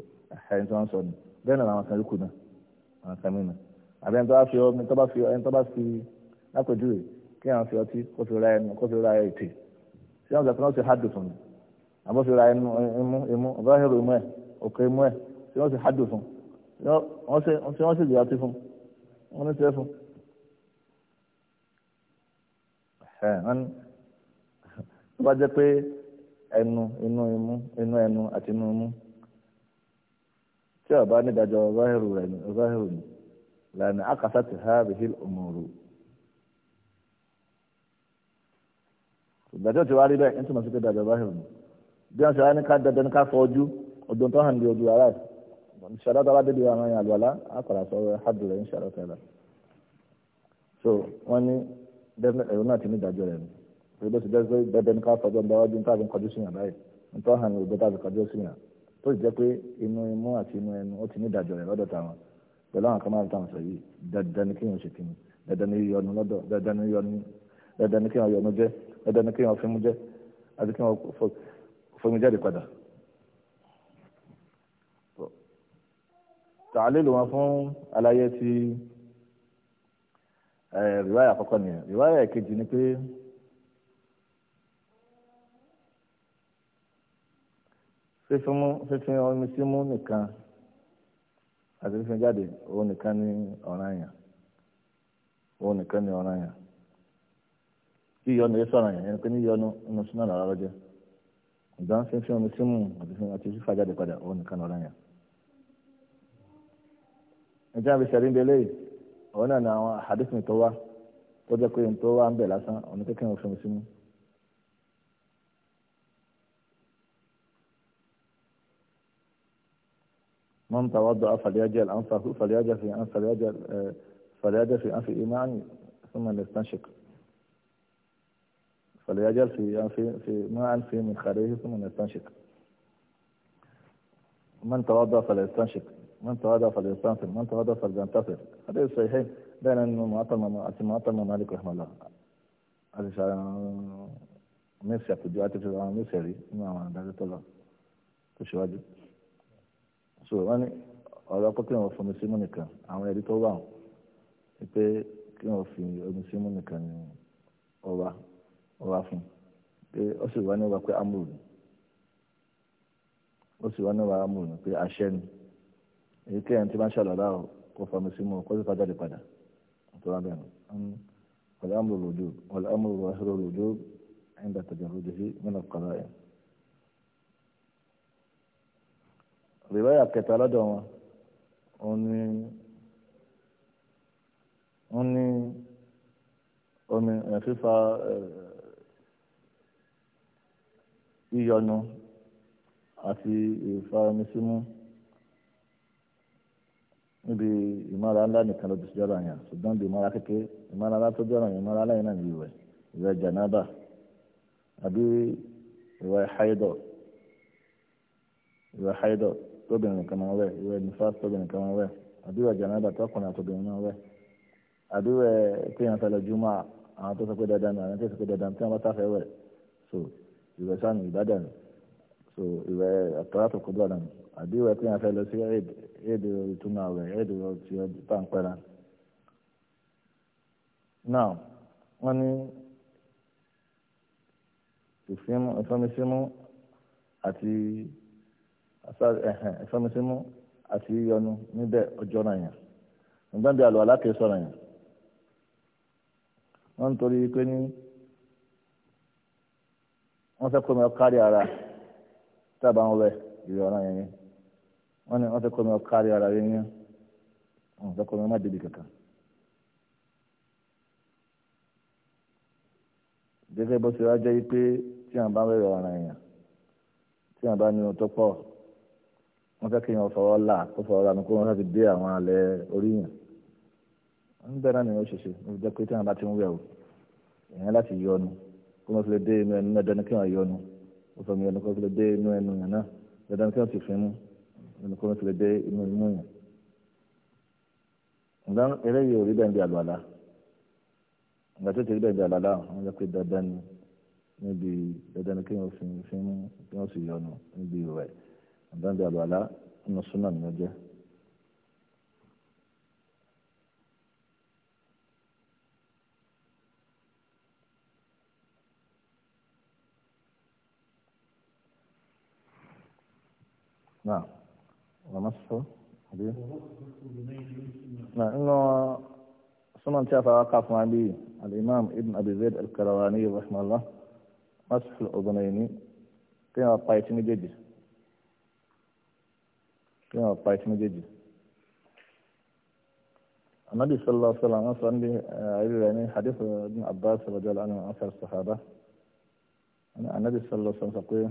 Speaker 1: ẹ̀hìn tí wọ́n sọ ni bẹ́ẹ̀ náà làwọn kan yókù náà àwọn kan mí náà àbí ẹni tó bá fi ọ ẹni tó bá fi ẹni tó bá fi lápèjúwe kí àwọn fi ọtí kó fi ra ẹnu kó fi ra ètè tí wọ́n gbàgbọ́ sí hádùn fún mi àbọ̀ fi ra ẹnu imú imú rọ́ọ̀hìrò imú ẹ̀ òkè imú ẹ̀ tí wọ́n sì hádùn fún wọ́n sì gbìyànjú fún wọ́n ní tẹ́ fún wọ́n tó bá pé ẹnu inú imú inú ẹnu àti inú imú tí ọba nídàjọ rẹ ní ní àkàtà ti ha ti wá rí nítorí dàjọ ní bí ká dandan ká odò tó hàn ní ojú ara tó bá débi so ẹ̀rọ náà ti ní ìdájọ́ rẹ̀ ni pé bó ti jẹ́ bẹ́ẹ̀ ni ká fọjọ́ ńlá wájú níta fi ń kọjú sí yàn báyìí níta hàn ní ògbẹ́ta fi kọjú sí yàn tó sì jẹ́ pé inú imú àti inú ẹnu ó ti ní ìdájọ́ rẹ̀ lọ́dọ̀ táwọn pẹ̀lú àwọn kan máa ń tàwọn sọ yìí dandan ni kéèyàn ṣe kìnnì dandan ni yọnu lọ́dọ̀ dandan ni yọnu dandan ni kéèyàn yọnu jẹ́ dandan ni kéèyàn Eh, rìwáyà àkọ́kọ́ nìyẹn rìwáyà kejì ni pé fífún omi símú nìkan àti fífún jáde òun nìkan ní ọ̀ràn yẹn òun nìkan ní ọ̀ràn yẹn yíyọnu yẹn sọ̀rọ̀ yẹn ẹni pé níyọnu inú súná lọ́rọ́ lọ́jọ́ ìdán omi àti jáde padà òun nìkan ní ọ̀ràn ń bẹ àwọn náà ni àwọn àhàdìsí mi tó wá tó jẹ́ pé tó wá ń bẹ̀ lásán ọ̀nà kékeré òfin sí mú. من توضأ فليجعل أنفه فليجعل في أنف فليجعل فليجعل في أنف إيمان ثم ليستنشق فليجعل في أنف في ماء في منخره ثم ليستنشق من توضأ فليستنشق من تواضع فليستنصر من تواضع فلينتصر هذا الصحيحين بين المعطل المعطل مالك رحمه الله هذا ميرسي àpèjọ àti fífi àwọn mẹsẹ rí nínú àwọn adájọ́ tó lọ tó ṣíwájú so wọn ní ọ̀rọ̀ pé kí wọn fomi símú nìkan àwọn ẹbí tó wà wọn pé kí wọn fi omi símú nìkan ní ọwa ọwa fún pé ó sì wá níwá pé amúlù ó sì wá níwá amúlù pé àṣẹ ni èyí tí ẹni tí máa ń ṣàlọ́lá o kó fami símú kó sì fàjáde padà tó rà bẹ́ẹ̀ wọ́n amúlò lòdù wọ́n amúlò wàhálà lòdù ẹ̀yìn bàtà jẹ́ lòdù sí mẹ́nà kọ́lá ẹ̀. rìbáyà kẹta lọ́dọ̀ wọn ó ní ó ní omi fífa yíyọnu àti ìfaramisímú níbi ìmọ̀ra ńlá nìkan ló ti ṣe ọ̀rọ̀ yẹn ṣùgbọ́n bí ìmọ̀ra kékeré ìmọ̀ra ńlá tó jọ̀rọ̀ yẹn ìmọ̀ra aláìní náà ní ìwẹ̀ ìwẹ̀ jànábà àbí ìwẹ̀ haidọ̀ ìwẹ̀ haidọ̀ tóbìnrin kan máa wẹ̀ ìwẹ̀ nifas tóbìnrin kan máa wẹ̀ àbí ìwẹ̀ jànábà tọkùnrin àtòbìnrin máa wẹ̀ àbí ìwẹ̀ kéèyàn fẹ́ lọ júmọ́ àwọn tó sọ pé so ìwẹ̀ sànù ìbàdàn so ìwẹ̀ àtọ́ràtò kọ́dọ̀ àdànù àbí ìwẹ̀ kéèyàn yadda ya tuna wa yadda ya ci ya pampara now wọ́n ní ìfimú ìfọmísímú àti ìfọmísímú àti yíyọnu níbẹ̀ ọjọ́ náà yẹn nígbà bí àlọ́ alákè sọ̀rọ̀ yẹn wọ́n ń torí pé ní wọ́n fẹ́ kó mi kárí ara tábà ń wẹ ìrọ̀rùn yẹn yẹn wọ́n ní wọ́n fẹ́ kọ́ mi ọ kárí ara rẹ yẹn wọ́n fẹ́ kọ́ mi ọ má débi kankan. gẹ́gẹ́ bó ṣe wá jẹ́ pé tí àwọn bá wẹ̀rẹ̀ ọ̀ràn èèyàn tí àwọn bá ní ohun tó pọ̀ wọ́n fẹ́ kí èèyàn fọwọ́ là kó fọwọ́ là ní kó wọ́n fẹ́ fi dé àwọn alẹ́ orí yàn ń bẹ́ẹ̀ náà nìyẹn ó ṣèṣe ó jẹ́ pé tí àwọn bá ti ń wẹ̀ o èèyàn láti yọnu kó wọ́n fi lè dé inú ẹnu náà dandan kí wọ́n yọnu ó fọmọ yọnu kó fi lè dé inú ẹnu yàn náà dandan kí wọ́n ti fi mú nínú kó mẹ́tìlẹ̀ dé inú imú yẹn ǹgbà eléyìí ò rí bẹ́ẹ̀ bí àlùwàlá ǹgbà tó ti rí bẹ́ẹ̀ bí àlùwàlá wọn jẹ́ pé dandan ni níbi dandan ni kí wọ́n fi fi mú kí sì yọnu níbi rẹ̀ ǹgbà bí àlùwàlá nínú súnà ni wọ́n Now. ونصفه حديث مع أنه سنن شافع وقف مع بي الإمام ابن أبي زيد الكرواني رحمه الله مسح الأذنين كما طايت جدي كما طايت جدي النبي صلى الله عليه وسلم أصلا آه، يعني حديث ابن عباس رضي الله عنه أثر الصحابة النبي صلى الله عليه وسلم يقول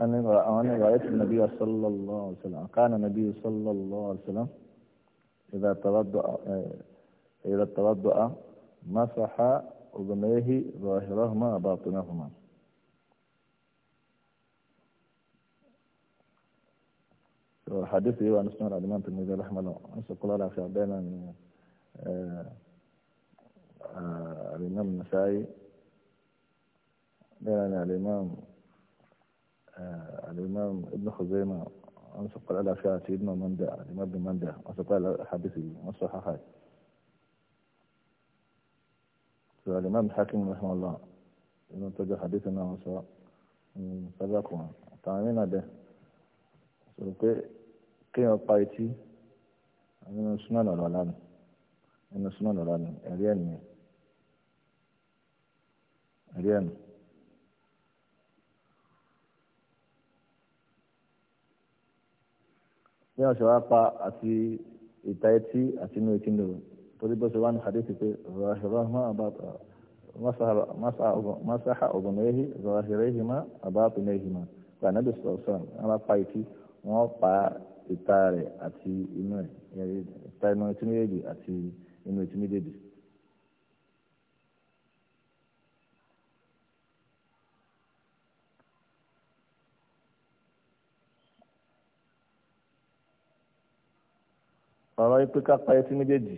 Speaker 1: أنا رأيت النبي صلى الله عليه وسلم كان النبي صلى الله عليه وسلم إذا توضأ إيه، إذا توضأ مسح أذنيه ظاهرهما وباطنهما الحديث عن اسمه الإمام الترمذي رحمه الله أنسى كل الله في عبدنا آه، آه، الإمام النسائي بين الإمام آه، الإمام ابن خزيمة أنسق الألافات سيدنا مندى الإمام ابن مندى أنسق الحديثي والصححات فالإمام الحاكم رحمه الله إنه تجا حديثنا وصا سبقوا تعمينا ده سلوكي كي أطايتي إنه سنان ولا لان إنه سنان ولا لان أريان أريان bí wọ́n ṣe wá pa àti ìta etí àti inú etí nìyó torí bó ṣe wá ní hadith pé rahman masaha ọ̀bùnmẹ́hì rahirehima abatunaihima gba nabi sọ̀sán wọ́n bá pa etí wọ́n pa ìta rẹ̀ àti inú ẹ̀ ìta inú etí méjèèjì àti inú etí méjèèjì. ọ̀rọ̀ yìí pé ká pa etí méjèèjì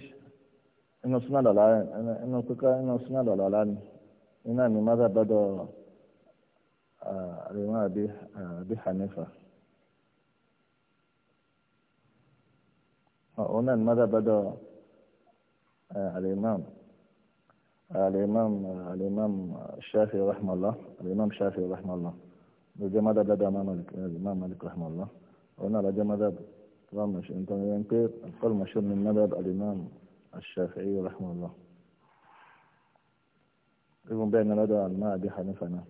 Speaker 1: inú súnà lọ́la inú pípa inú súnà lọ́la ọ̀la ni iná ni mọ́tà dọ́dọ̀ àríwá àbí hanifa. òun náà ni mọ́tà dọ́dọ̀ àlèmám àlèmám àlèmám ṣáfì rahmallah àlèmám ṣáfì rahmallah ló jẹ́ mọ́tà dọ́dọ̀ àmà malik rahmallah òun náà ló jẹ́ mọ́tà dọ́dọ̀. غمش انت ينقيت القول مشهور من مذهب الإمام الشافعي رحمه الله ابن بين لدى الماء أبي حنيفة نعم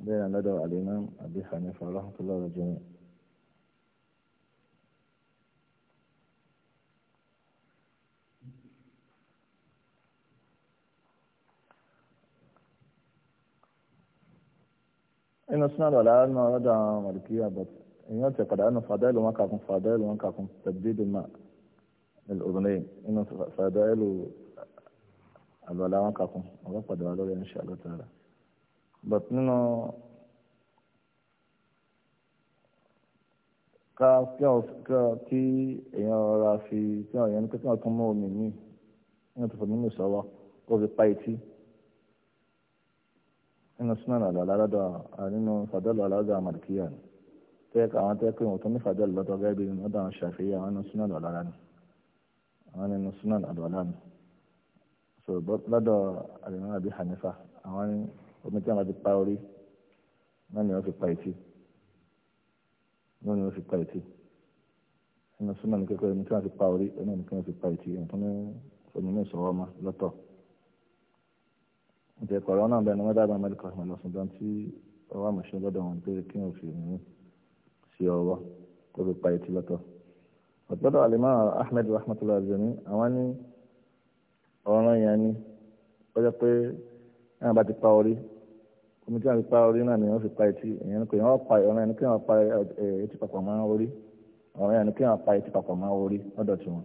Speaker 1: بين لدى الإمام أبي حنيفة رحمة الله على الجميع إن أسمع الآن ما ملكية مالكية بطل èèyàn tẹ̀ padà nù fàdáìlù wọn kàkún fàdáìlù wọn kàkún tẹ̀bídì mà ọ̀dùnlẹ́yìn nínú fàdáìlù àlùwàlà wọn kàkún ọ̀gá padà wà lórí ẹ̀ńṣẹ́ àlọ́tàrà but nínú ká kí èèyàn ra fi kí èèyàn ní kékeré tún mú omi míì nínú tó fọdún nínú sọ́wọ́ kó fi pa etí nínú súnmọ́ àlọ́ aládọ́ nínú aládọ́ àmàlìkíyà ni tẹ́ẹ̀kì àwọn tẹ́ẹ̀kì wọn tó nífàjọ́ lọ́tọ̀ gẹ́gẹ́ bí ọ̀dọ̀ àwọn ṣàfihàn àwọn ẹnu súnà àlọ́lá ni àwọn ẹnu súnà àlọ́lá ni so lọ́dọ̀ àdìmọ́ àbí hanifa àwọn omi tí wọn ti pa orí náà ni wọn fi pa etí náà ni wọn fi pa etí ẹnu súnà ní kékeré omi tí wọn ti pa orí náà ni wọn fi pa etí nǹkan ní omi ní ìṣòwò ọmọ lọ́tọ̀ ìjẹ́kọ̀ọ́ náà bẹ́ẹ̀ ni wọ́n dábàá mẹ́ríkà ọ̀sán lọ́sùn sí ọwọ́ kó fi pa etí lọ́tọ̀ ọ̀tọ́dọ̀ alimá ahmed rahmatullahi aljami àwọn ní ọ̀ràn yẹn ni ó jẹ́ pé náà bá ti pa orí omi tí wọ́n fi pa orí náà ni wọ́n fi pa etí ìyẹn kò yẹn wọ́n pa ọ̀ràn yẹn ni kí wọ́n pa eh, etí papọ̀ mọ́ orí ọ̀ràn yẹn ni kí wọ́n pa etí papọ̀ mọ́ orí lọ́dọ̀ tiwọn.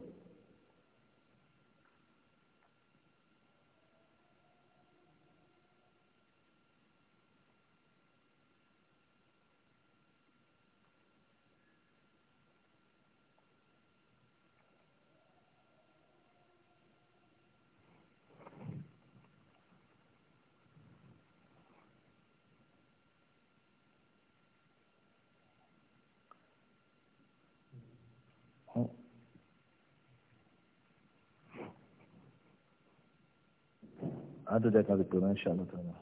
Speaker 1: adada kan ti pè mọ́ ṣàlùtàn náà.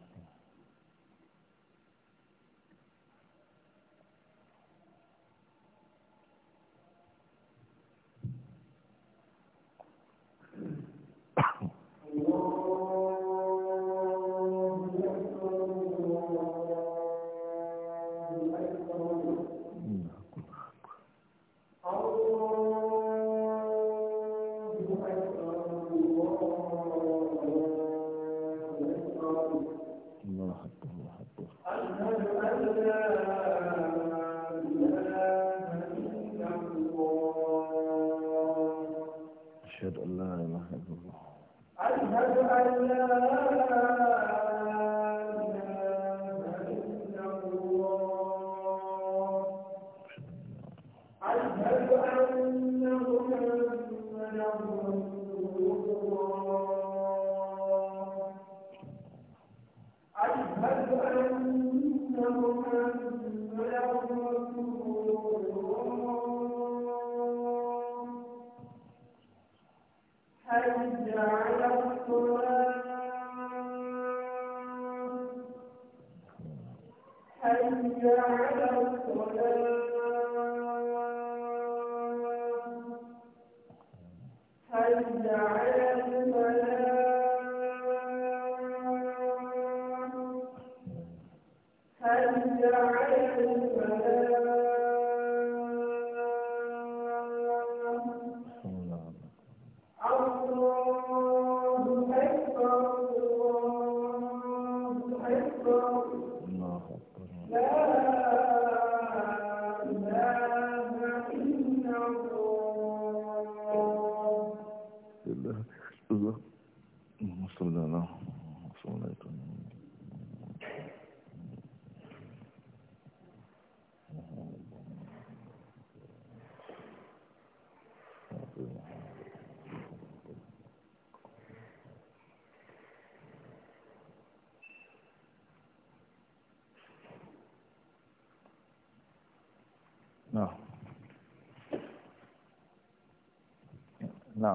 Speaker 1: náà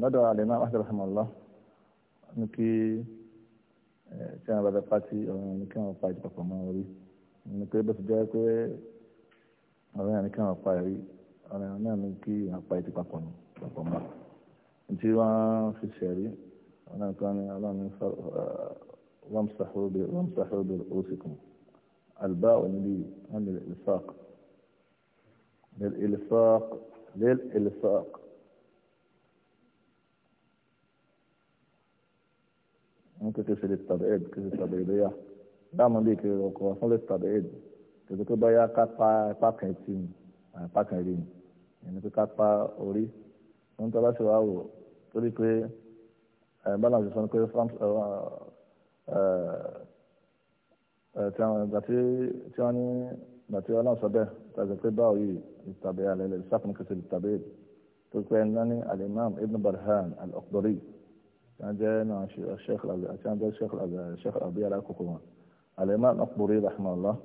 Speaker 1: lọ́dọ̀ àlẹ́mọ́ àṣẹ̀rọ̀ ṣàmọ̀lọ́ ní kí tí wọ́n bá fẹ́ pàtì ọ̀rọ̀ ní kí wọ́n pa ìjọba pọ̀ mọ́ orí ní pé bó ti jẹ́ pé ọ̀rọ̀ yẹn ní kí wọ́n pa ẹ̀rí ọ̀rọ̀ yẹn náà ní kí wọ́n pa ìjọba pọ̀ mọ́ fi ṣẹ̀rí ọ̀rọ̀ yẹn kan ní ọlọ́run wọ́n sàhóbì wọ́n sàhóbì ó sì kùn àlùbáwò níbi wọ́n lè sọ́ọ̀kù. للإلصاق للإلصاق أنت تشيل التبعيد كذا التبعيدية دائما دي كذا وصل التبعيد كذا كبايا بيا كاتا باكن تين باكن رين يعني كذا كاتا أوري أنت لا شو أو تقولي كذا بنا جسون كذا فرانس tí wọ́n ní gbàtí ọlọ́run sọ bẹ́ẹ̀ tàbí pé للطبيعة للإسحاق من كتب الطبيب تذكر أنني الإمام ابن برهان الأقدري كان جاءنا الشيخ كان جاء الشيخ الشيخ الأبي على كوكوما الإمام الأقدري رحمه الله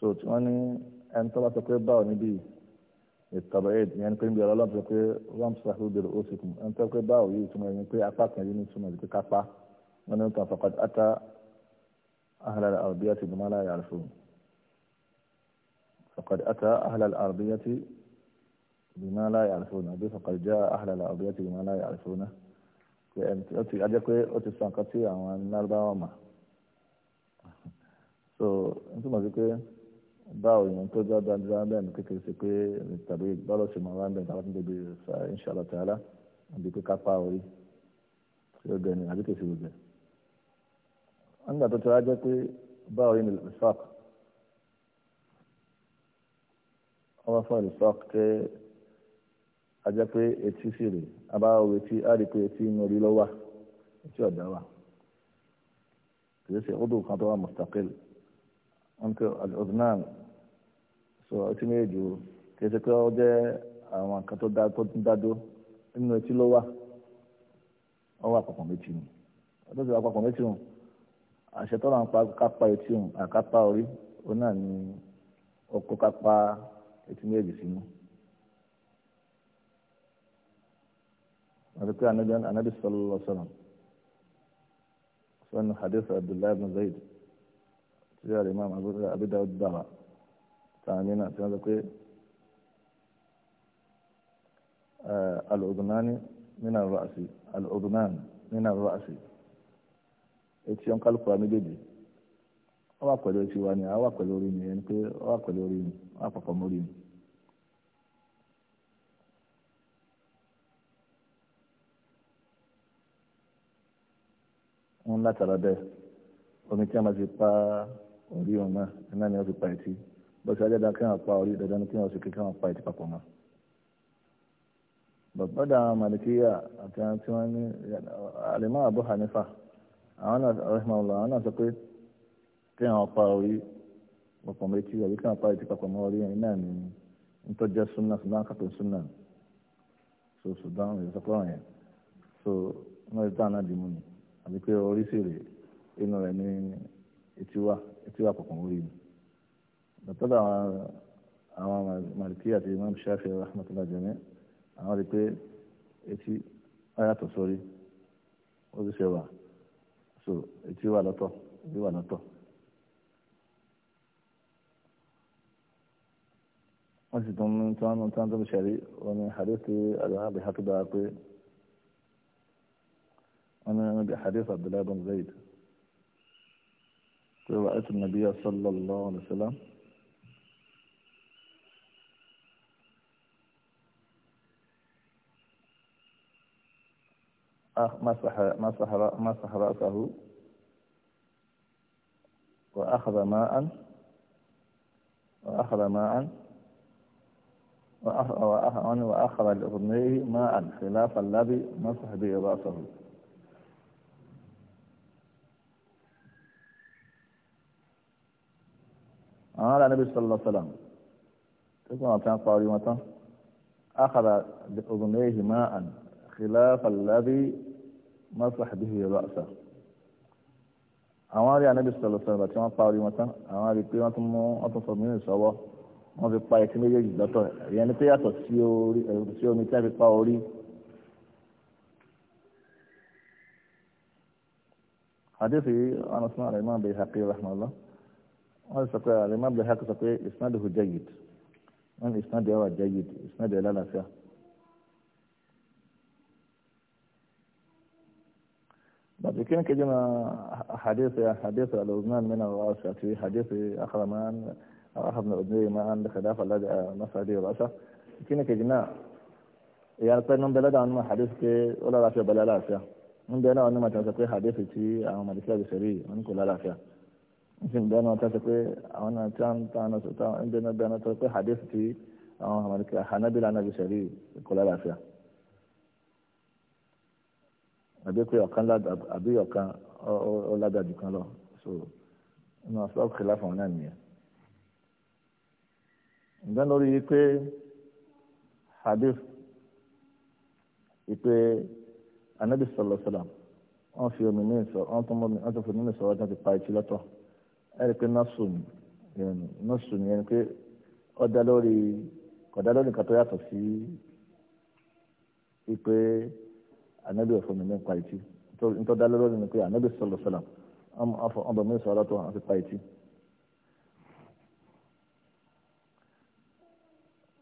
Speaker 1: صوت أني أن ترى تقريبا نبي التبعيد يعني كلمة جلالة الله تقول لم تسرحوا برؤوسكم أن تقريبا ويتم يعني كي أفاق يعني ثم ذكر كفا من فقد أتى أهل الأربية بما لا يعرفون فقد أتى أهل الأرضية بما لا يعرفون أبي فقد جاء أهل الأرضية بما لا يعرفونه أتي أجاك أتي سانكتي أو النربا وما so nítorí màá sí pé báwo èèyàn tó já dáadáa bẹ́ẹ̀ ni kékeré sí pé tàbí bọ́lọ̀ ṣe máa wá bẹ́ẹ̀ tàbí débi sa inṣàlá tààlà àbí pé ká pa orí tí ó bẹ̀ ni àbí kèsì gbogbo ẹ̀. wọ́n gbà tó ti wá jẹ́ pé báwo yìí ni sọ́ọ̀kì wọ́n bá fún ìrìsọ́k pé etí sì rè a bá etí a pé etí inú orí wà etí ọ̀dà wà kìí ṣe ọdún kan tó wà so etí méjì o kìí ṣe pé ó jẹ́ àwọn nǹkan tó dádó nínú etí ló wà wà méjì ni ọdún tó wà méjì o kápá etí o àkápá orí etí méjì sínú. wọ́n ti pé anabi sallallahu alaihi wasallam sọ́nù hadith abdullahi ibn zayd tí yàrá imam abu dawud dáwà tààmì náà tí wọ́n ti pé eh, al'udunani min ar-ra'si al'udunan min ar-ra'si etí ọ̀nkálùkù àmì bèbè ọ wà pẹ̀lú etí wa ni a wà pẹ̀lú orí mi ẹni pé ọ wà pẹ̀lú orí mi. wọn àkọ́kọ́ mórí látara bẹ́ẹ̀ omi máa ti pa orí wọn náà iná ni wọn fi pa etí bọ́sì ajẹ́dá kí wọn pa orí dandan ni kí wọn sì kí wọn pa etí papọ̀ mọ́. bàbáda màlìkíyà àti àwọn tí wọn ní a àbọ̀ àwọn náà sọ pé kí pa orí. ọ̀pọ̀ méjì àbí káwọn parí ti papọ̀ mọ́ orí ẹ̀yìn náà ní ntọ́jà súnà Sudan kápẹ́ súnà so Sudan ìrẹsọ́kọ́ yẹn so wọ́n ti tán náà dì mú ni àbí pé orí sì rè inú rẹ̀ ní etiwa etiwa pọ̀pọ̀ orí ni lọ́tọ́dọ̀ àwọn àwọn màlìkí àti Imam Shafi rahmatulah jẹ́mi àwọn rí pé etí ayàtọ̀ sórí ó ti ṣe wà so etí wà lọ́tọ̀ etí wà lọ́tọ̀. مسجد من تان بشري ومن حديث أبي أنا بحديث عبد الله بن زيد رأيت النبي صلى الله عليه وسلم مسح مسح مسح رأسه وأخذ ماء وأخذ ماء وأخر لأذنيه ماء خلاف الذي مسح به رأسه قال النبي صلى الله عليه وسلم تكون قائمة أخذ بأذنيه ماء خلاف الذي مسح به رأسه أمر النبي صلى الله عليه وسلم كان قائمة أمر tán àwọn àrí pé wọ́n wọ́n fi pa ẹtí méjèèjì lọ́tọ̀ ìyẹn ni pé yàtọ̀ sí omi tí a fi pa orí. حديث أنا أسمع الإمام بيهقي رحمه الله أنا سأقول الإمام بيهقي سأقول إسناده جيد من إسناده هو جيد إسناده لا لا فيه بعد كده كده حديث حديث الأذنان من الرأس في حديث أخر من habna badniri ma an daga dafa lada masa da ba sa kini ke gina ya pe non bela da wani hadis ke ola lafiya bala lafiya mun da wani mata sa pe hadis ti àwọn malika bi sari wani kula lafiya sin da wani mata sa pe àwọn tan tan so ta in da da na ta pe hadis ti àwọn malika hanabila na bi sari kula lafiya àbí pé ọ̀kan àbí ọ̀kan ó ládàá jù kan lọ so inú asọ́ọ̀kì láfọ̀ọ́ náà nìyẹn. ǹjẹ́ lórí pé hadith ipe anabi sallallahu alaihi wasallam fi omi ní ìsọ tún mọmi tún fi omi ní ìsọ wọ́n ti pa ìtì lọ́tọ̀ ẹni pé nọọsù ni nọọsù ni ẹni pé ọdá lórí lórí nǹkan tó yàtọ̀ sí anabi ọ̀fọ̀ mi ní pa ìtì nítorí dá lórí ni pé anabi sallallahu alaihi wasallam bọ̀ mí ìsọ lọ́tọ̀ wọ́n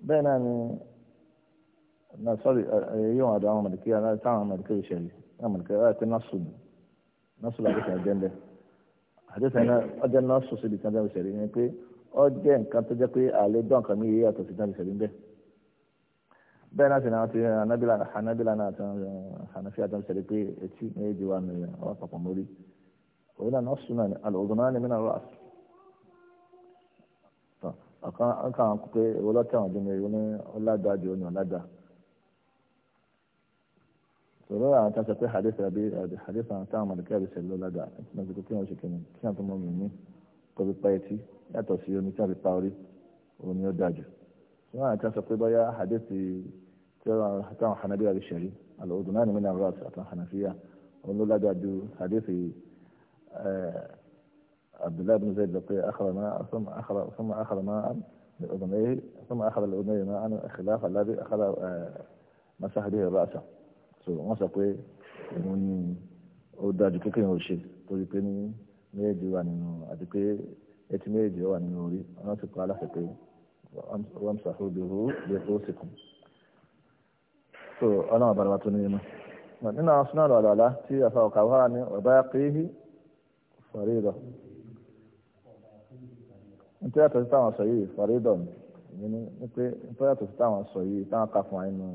Speaker 1: bẹ́ẹ̀ ni na sọ́rí yóò àdó àwọn mọ̀lẹ́kì táwọn ìṣẹ̀lẹ̀ náà ya nọ́ọ̀sù nọ́ọ̀sù làbẹ́ kì àdéhùn náà ọjọ́ nọ́ọ̀sù síbi kan jẹ́ ìṣẹ̀lẹ̀ ni pé ó nǹkan tó jẹ́ pé àlẹ́ dán mi yìí yàtọ̀ sí ìṣẹ̀lẹ̀ ń bẹ́ẹ̀ náà sì ti eh, anábìlà anábìlà náà eh, pé etí ní òun náà nọ́ọ̀sù náà ni alòògùn náà ni mí náà àṣù ọ̀kan ọ̀kan àwọn pé èwo lọ́tẹ̀ àwọn ọdún èwo ní ọ̀làdà àjò ní ọ̀làdà sọ̀rọ̀ àwọn táṣà pé hadith àbí hadith àwọn táwọn mọ̀lẹ́kẹ́ àbí sẹ̀lẹ̀ ọ̀làdà náà ti kó kí wọ́n ṣe kìnnì kí wọ́n tó mọ̀ mí kó fi pa etí yàtọ̀ sí omi tí wọ́n fi pa orí òun ni ó dáa jù عبد الله بن زيد لقي اخر ماء ثم اخر ثم اخر ماء لاذنيه ثم اخذ الاذنيه ماء الخلاف الذي اخذ آه، مسح به راسه مسح به من اودا جوكين وشي توجيبيني مي ديوان ادكي اتمي ديوان نوري انا تقال حقي وامسح به برؤوسكم انا برواتني ما من اصنع على لاحتي افاقها وباقيه فريضه nítorí yàtọ̀ sí táwọn sọ yìí faridọ̀ ni nítorí yàtọ̀ sí táwọn sọ yìí táwọn kà fún wa nínú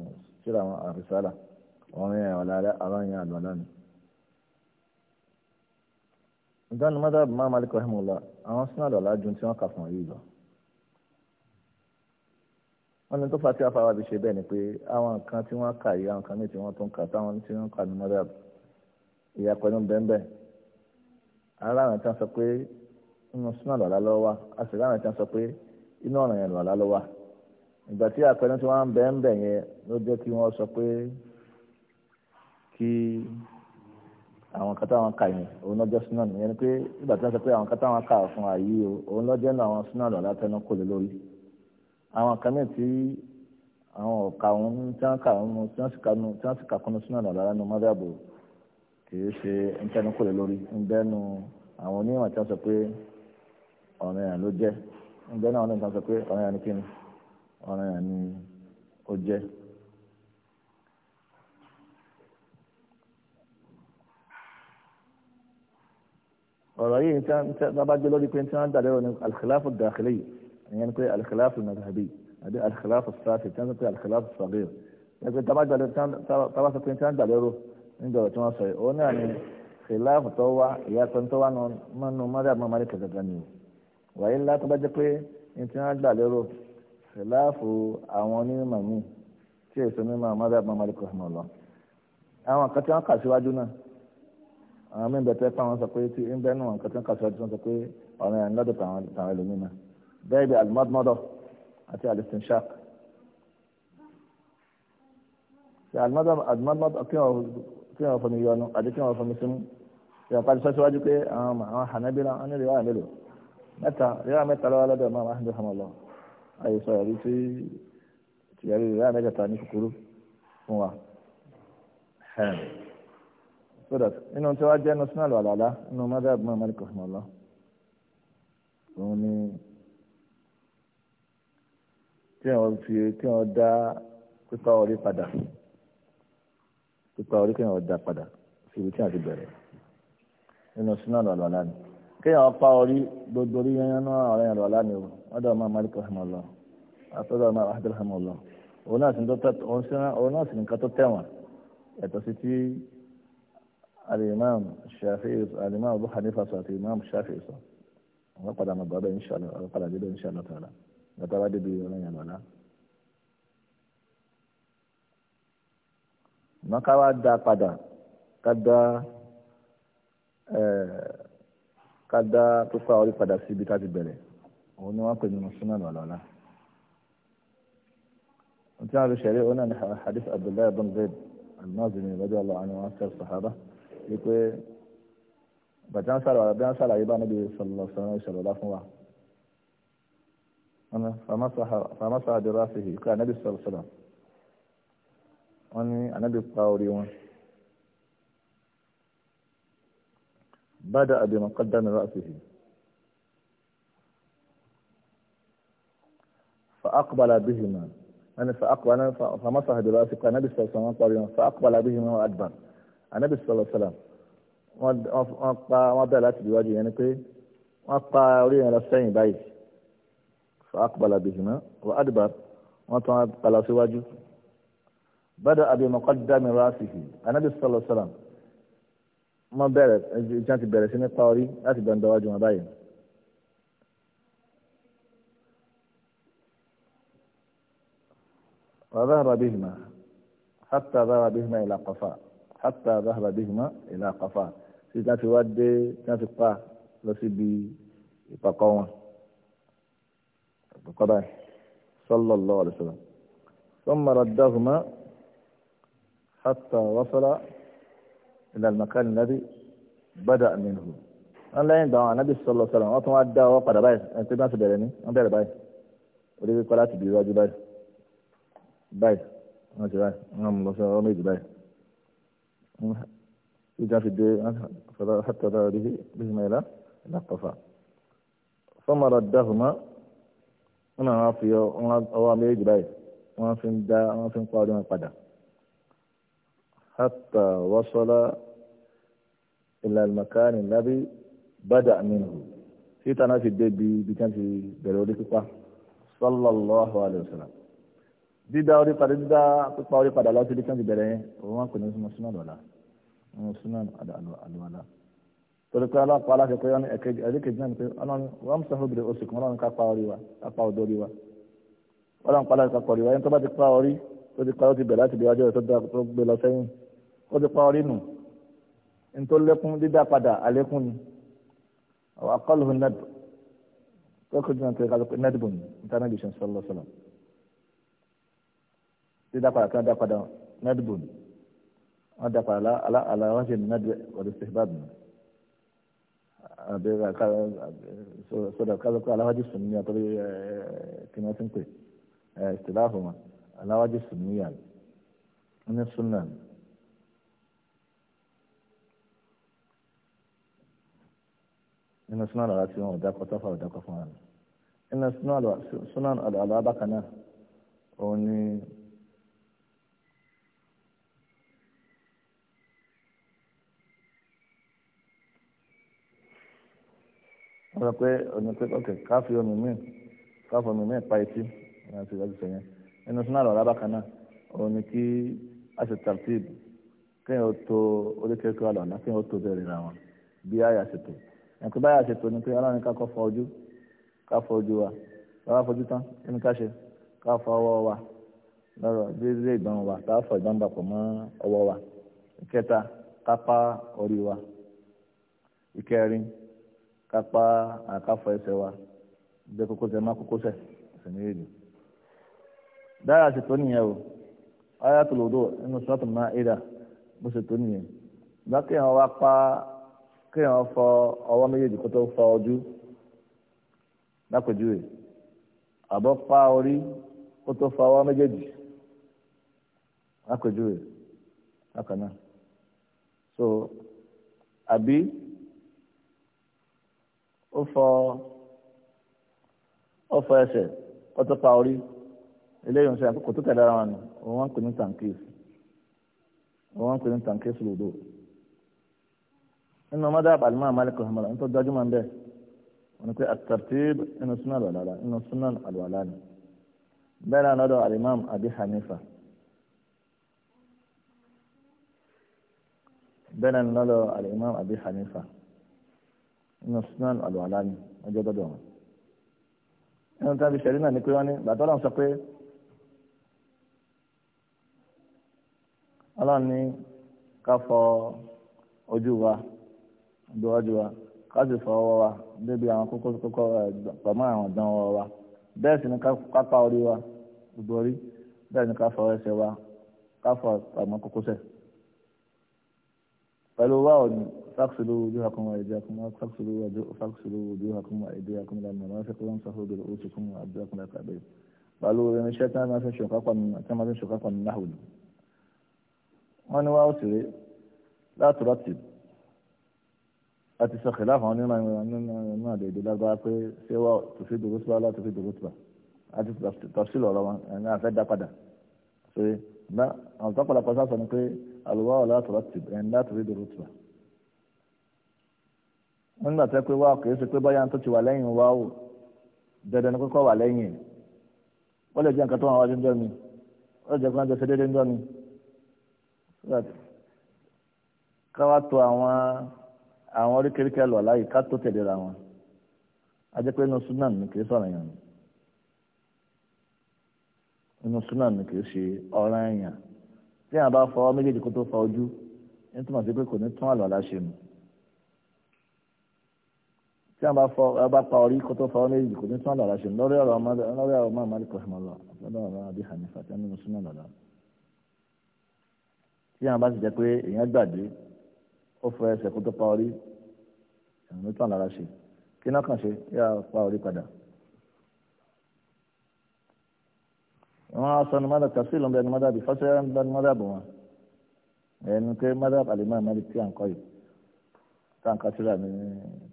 Speaker 1: síra àwọn àrísálà ọ̀rìn ẹ̀ ọ̀làlẹ́ aráyìn àlọ́lá ni. ìdáni mọ́tàbí máa Malik rahimola àwọn sínú àlọ́lá ju tí wọ́n kà fún wa yìí lọ. wọ́n ní tó fa tí a fara bí ṣe bẹ́ẹ̀ ni pé àwọn nǹkan tí wọ́n kà yìí àwọn nǹkan míì tí wọ́n tún kà kà inú súnà lọ́la lọ́wọ́ wa a sì láwọn ìtàn sọ pé inú ọ̀ràn yẹn lọ́la lọ́wọ́ wa ìgbà tí àpẹẹrẹ tí wọ́n ń bẹ̀ ń bẹ̀ yẹn ló jẹ́ kí wọ́n sọ pé kí àwọn kan táwọn kà yẹn òun lọ́jọ́ súnà nù yẹn ni pé ìgbà tí wọ́n sọ pé àwọn kan táwọn kà fún wa yìí o òun lọ́jọ́ náà àwọn súnà lọ́la tẹnu kò lè lórí àwọn kan náà tí àwọn ọ̀ka òun tí wọ́n kà òun tí wọ́n sì kà tí wọ́n sì kà kúnnú súnà lọ́la nù mọ́dàbò kì í ṣe ń tẹnu kò lè lórí ń bẹ́ẹ̀ nu àwọn onímọ̀ tí wọ́n sọ pé ọ̀nà yà ló jẹ́ ǹjẹ́ náà ọ̀nà kan sọ pé ọ̀nà yà ni kí ni ọ̀nà yà ni ó jẹ́. ọ̀rọ̀ yìí tí wọ́n bàbá jẹ́ lórí pé tí wọ́n ń dàlẹ́ ní alkhilafu dàkìlì ìyẹn pé alkhilafu madhabi àbí alikilafu sàfì tí wọ́n sọ pé alkhilafu sàgìr ìyẹn pé tábà jẹ́ tábà sọ pé tí wọ́n ń dàlẹ́ rò nígbà tí wọ́n sọ yìí ọ̀nà yà ni khilafu tó wá ìyá tó ń tó wá nù mọ́nú mọ́dà mọ́ mọ́rí kẹ̀kẹ́ gan ni o. wàyí ńlá tó bá jẹ́ pé ní tí wọ́n gbà lérò ṣẹláàfù àwọn onímọ̀ míì tí èso mímọ̀ mọ́dà bá mọ́lẹ́kọ̀ ọ̀hún lọ. àwọn kan tí wọ́n kà síwájú náà àwọn míì bẹ̀tẹ̀ pa wọn sọ pé tí ń bẹ́ nù wọn kan tí wọ́n kà síwájú wọn sọ pé ọ̀rẹ́ ẹ̀ lọ́dọ̀ tàwọn ẹlòmíì náà bẹ́ẹ̀ bí alimọ́dọ́mọ́dọ́ àti alistinshaq ṣe alimọ́dọ́mọ́dọ́ kí wọ́n fọmi yọnu àti kí wọ́n fọmi símú mẹ́ta ríra mẹ́ta lọ́wọ́ lọ́dọ̀ máa máa ń dọ̀hàn lọ àyè sọ ẹ̀rí tí tìyẹ̀rí ríra mẹ́ta ní kúkúrú fún wa. so that nínú tí wọ́n jẹ́ nínú sínú àlọ́ àlàlá nínú mọ́tà àbúmọ̀ mẹ́ríkà ọ̀hún ọ̀lọ́ òun ni kí wọ́n fi kí wọ́n dá pípa orí padà pípa orí kí wọ́n dá padà síbi tí wọ́n ti bẹ̀rẹ̀ nínú sínú àlọ́ àlàlá ni kéèyàn pa orí gbogbo orí yẹn náà ọ̀rẹ́ yẹn lọ lánàá o wọ́n dọ̀ máa malik rahmanullah àtọ́dọ̀ máa ahmed rahmanullah òun náà sì ń tọ́ òun sí òun náà sì ń kátó tẹ̀wọ̀n ẹ̀tọ́ sí ti alimam shafi'i alimam abu hanifa sọ àti imam shafi'i sọ àwọn padà máa gbọ́ bẹ́ẹ̀ inṣàlá àwọn padà dé bẹ́ẹ̀ inṣàlá tààlà gbàtà bá débi ọ̀rẹ́ yẹn lọ lá. dá padà ká dá ẹ̀ẹ́ ká dá tó fà orí padà sí ibi ká ti bẹ̀rẹ̀ òun ni wọ́n pè nínú súnmọ́ lọ́lọ́lá. Wọ́n ti hàn fi ṣẹ̀rí òun náà ní hadith Abdullahi bin Zayd al-Mazini radiyallahu anhu wọn sẹ́rù sàhábà wípé bàtí wọ́n sàrọ̀ bí wọ́n sàlàyé bá níbi sallallahu alaihi wasallam fún wa. Fàmásà àdúrà sí kí Ànábì sallallahu alaihi Wọ́n ní Ànábì pa orí wọn. بدأ بمن قدم رأسه فأقبل بهما أنا فأقبل أنا فمسح برأسه قال النبي صلى الله عليه وسلم فأقبل بهما وأدبر النبي صلى الله عليه وسلم ما bẹ̀rẹ̀ بوجه يعني كي ما pé على pa orí فأقبل بهما وأدبر ما tún pa lọ بدأ بمقدم رأسه النبي صلى الله عليه وسلم wọ́n bẹ̀rẹ̀ ìjà ti bẹ̀rẹ̀ sí ní pa orí láti bẹ̀rẹ̀ dọ́wọ́jú wọn báyìí. وذهب بهما حتى ذهب بهما إلى قفاء حتى ذهب بهما إلى قفاء sí tí wọ́n fi wá dé tí wọ́n fi pa lọ síbi ìpàkọ́ wọn ìpàkọ́ báyìí sallallahu alaihi wasallam ثم ردهما حتى وصل إلى المكان الذي بدأ منه wọ́n lẹ́yìn ìgbà àwọn anábì sọlọ sọlọ wọ́n tún wá dá ọwọ́ padà báyìí ẹni tó bá ti bẹ̀rẹ̀ ní wọ́n bẹ̀rẹ̀ báyìí orí kíkọ́ láti bí iwájú báyìí báyìí wọ́n ti báyìí wọ́n mú lọ sí ọwọ́ méjì báyìí ìjà fi dé sọlọ hàtàdà rí bíi mẹ́lá ìlàkọ̀fà fọ́mọ̀rọ̀ dáhùnmọ́ wọ́n náà wọ́n fi ọwọ́ méjì báyìí wọ́n fi ń dá wọ́n fi ń pa ọdún padà. حتى وصل إلى المكان الذي بدأ منه في تنافي في الدبي بكان في بلودي كفا صلى الله عليه وسلم dídá orí padà dídá pípa orí padà lọ sí ibi tí wọn ti bẹ̀rẹ̀ yẹn òun wọn kò ní sún sún àlọlá wọn sún àlọlá torí pé alápá aláṣẹ pé wọn ẹkẹjì ẹdíkejì náà ni pé wọn sọ fún obìnrin oṣù kan wọn ká pa orí wa ká pa odò orí wa wọn làwọn pa aláṣẹ ká pa orí wa yẹn tó bá ti pa orí tó ti pa ó ti bẹ̀rẹ̀ láti bí wájú rẹ tó gbé lọ sẹ́yìn ó ti pa orí nù nítorí lẹ́kún dídá padà àlékún ni àwọn akọ́lùfù nàdù kókò jùlọ nítorí kálukú nàdù bò ní nítorí bí sọ́n lọ sọ́lọ́ dídá padà kí wọ́n dá padà nàdù bò ní wọ́n dá padà àlá àlá wọ́n ṣe nàdù ọ̀dọ̀ sèbáàbù ní àbẹ̀rẹ̀ sọ́dọ̀ kálukú aláwájú sùn ní àtọ́rí kí wọ́n ti ń pè ẹ̀ ìtìláàfù wọn aláwájú sùn ní yàrá ní sunan nínú súnà da àti wọn da kọ́tà fún ọ̀dà kọ́ fún wọn. nínú súnà àlọ́ bákan náà òun ni wọ́n sọ pé ọ̀nà pé ọ̀kẹ́ káfí omi míì káfí omi míì pa etí ìyá ti ìdájọ́ sẹ́yìn nínú súnà àlọ́ bákan náà òun ni kí a ṣe tàrtíìbù kéèyàn ó to àlọ́ àná kéèyàn ó to bẹ́ẹ̀ ra wọn bí àyà ṣètò ẹ̀kú báyà ṣètò ni pé ọlọ́run ká kọ́ fọ ojú ká fọ ojú wa bàbá fojú tán ẹni ká ṣe ká fọ ọwọ́ wa lọ́rọ̀ déédéé ìdánwò wa ká fọ ìdánwò papọ̀ mọ́ ọwọ́ wa ìkẹta ká pa orí wa ìkẹrin ká pa àkàfọ ẹsẹ̀ wa ìdẹ kókósẹ̀ má kókósẹ̀ ẹsẹ̀ méjèèjì dára ṣètò nìyẹn o ayatul wudu nínú suratul maida bó ṣètò nìyẹn bákẹ́yìn kéèyàn fọ ọwọ méjèèjì kó tó fọ ojú lápèjúwe àbọ̀ pa orí kó tó fọ ọwọ méjèèjì lápèjúwe so àbí ó fọ ó fọ ẹsẹ̀ ó tó pa orí eléyìí ń sọ àkókò tó tẹ̀lé ara wọn ni wọn ń nínú ọmọdé àbàlùmọ àmàlẹkọ ọmọdé nítorí dájúmọ ń bẹ wọn pe at-tartib inú sunan alwala inú sunan alwala ni bẹ́ẹ̀ náà lọ́dọ̀ alimam abi hanifa dọ́wọ́jú wa ká sì fọ ọwọ́ wa débi àwọn kókó kókó eh, pàmò àwọn ọ̀dán ọwọ́ wa bẹ́ẹ̀ sì ni ká pa orí wa ìborí bẹ́ẹ̀ ni ká fọ ẹsẹ̀ wa ká fọ pàmò kókósẹ̀ pẹ̀lú wáwò ni fáksìlú ojú àkùnmọ̀ èdè àkùnmọ̀ fáksìlú ojú àkùnmọ̀ èdè àkùnmọ̀ lànà wọn fi kí wọn sọfọ bèrè oṣù fún àbúrò àkùnmọ̀ àkàbẹ pẹ̀lú irinṣẹ́ tí wọn fi ṣòkà pọ̀ nínú tí wọn fi ṣòkà a ti sọ kìláàfù àwọn onímọ̀ ìrìnà náà dèdè lágbára pé ṣé wà tòfí dòrótìbà wà tòfí dòrótìbà a ti tọ́sí lọ́rọ̀ wọn ẹ̀yìn àfẹ́ dá padà ṣe ná àwọn tó pàlàpà sá sọ ni pé àlùwá ọ̀la àtọ̀rọ̀ tì ẹ̀yìn dá tòfí dòrótìbà. wọ́n nígbà tẹ́ pé wà kìí ṣe pé báyà tó ti wà lẹ́yìn wá o dandan ni kókó wà lẹ́yìn ó lè jẹ́ nǹkan tó wà wájú ńjọ́ mi ó lè àwọn oríkèéríkèé lọ láyé ká tó tẹ̀lé ra wọn ajẹ́ pé inú sunan ni kì í sọ̀rọ̀ yàn inú sunan ni kì í ṣe ọ̀ràn èèyàn tí àwọn bá fọ méjèèjì kó tó fọ ojú ní túmọ̀ sí pé kò ní tún àlọ́ aláṣẹ mu tí àwọn bá fọ ọba pa orí kó tó fọ méjèèjì kò ní tún àlọ́ aláṣẹ mu lórí ọ̀rọ̀ ọmọdé lórí ọ̀rọ̀ ọmọ àmàlí kò sọmọ lọ lọ́dọ̀ ọ̀rọ̀ àbí hanifa tí nínú sunan lọ́dọ̀ tí àwọn bá ti jẹ́ pé èèyàn gbàgbé ó fọ ẹsẹ̀ kó tó pa orí ẹ̀rùn ló tàn lára ṣe kí náà kàn ṣe yà pa orí padà. wọ́n á sọ ní mọ́dà tàbí ìlú ẹni mọ́dà bí fọ́sẹ̀ ń bá ní mọ́dà bò wọ́n ẹni pé mọ́dà àlèmọ́ àmọ́dé tí à ń kọ́ yìí tá à ń ka tíra ní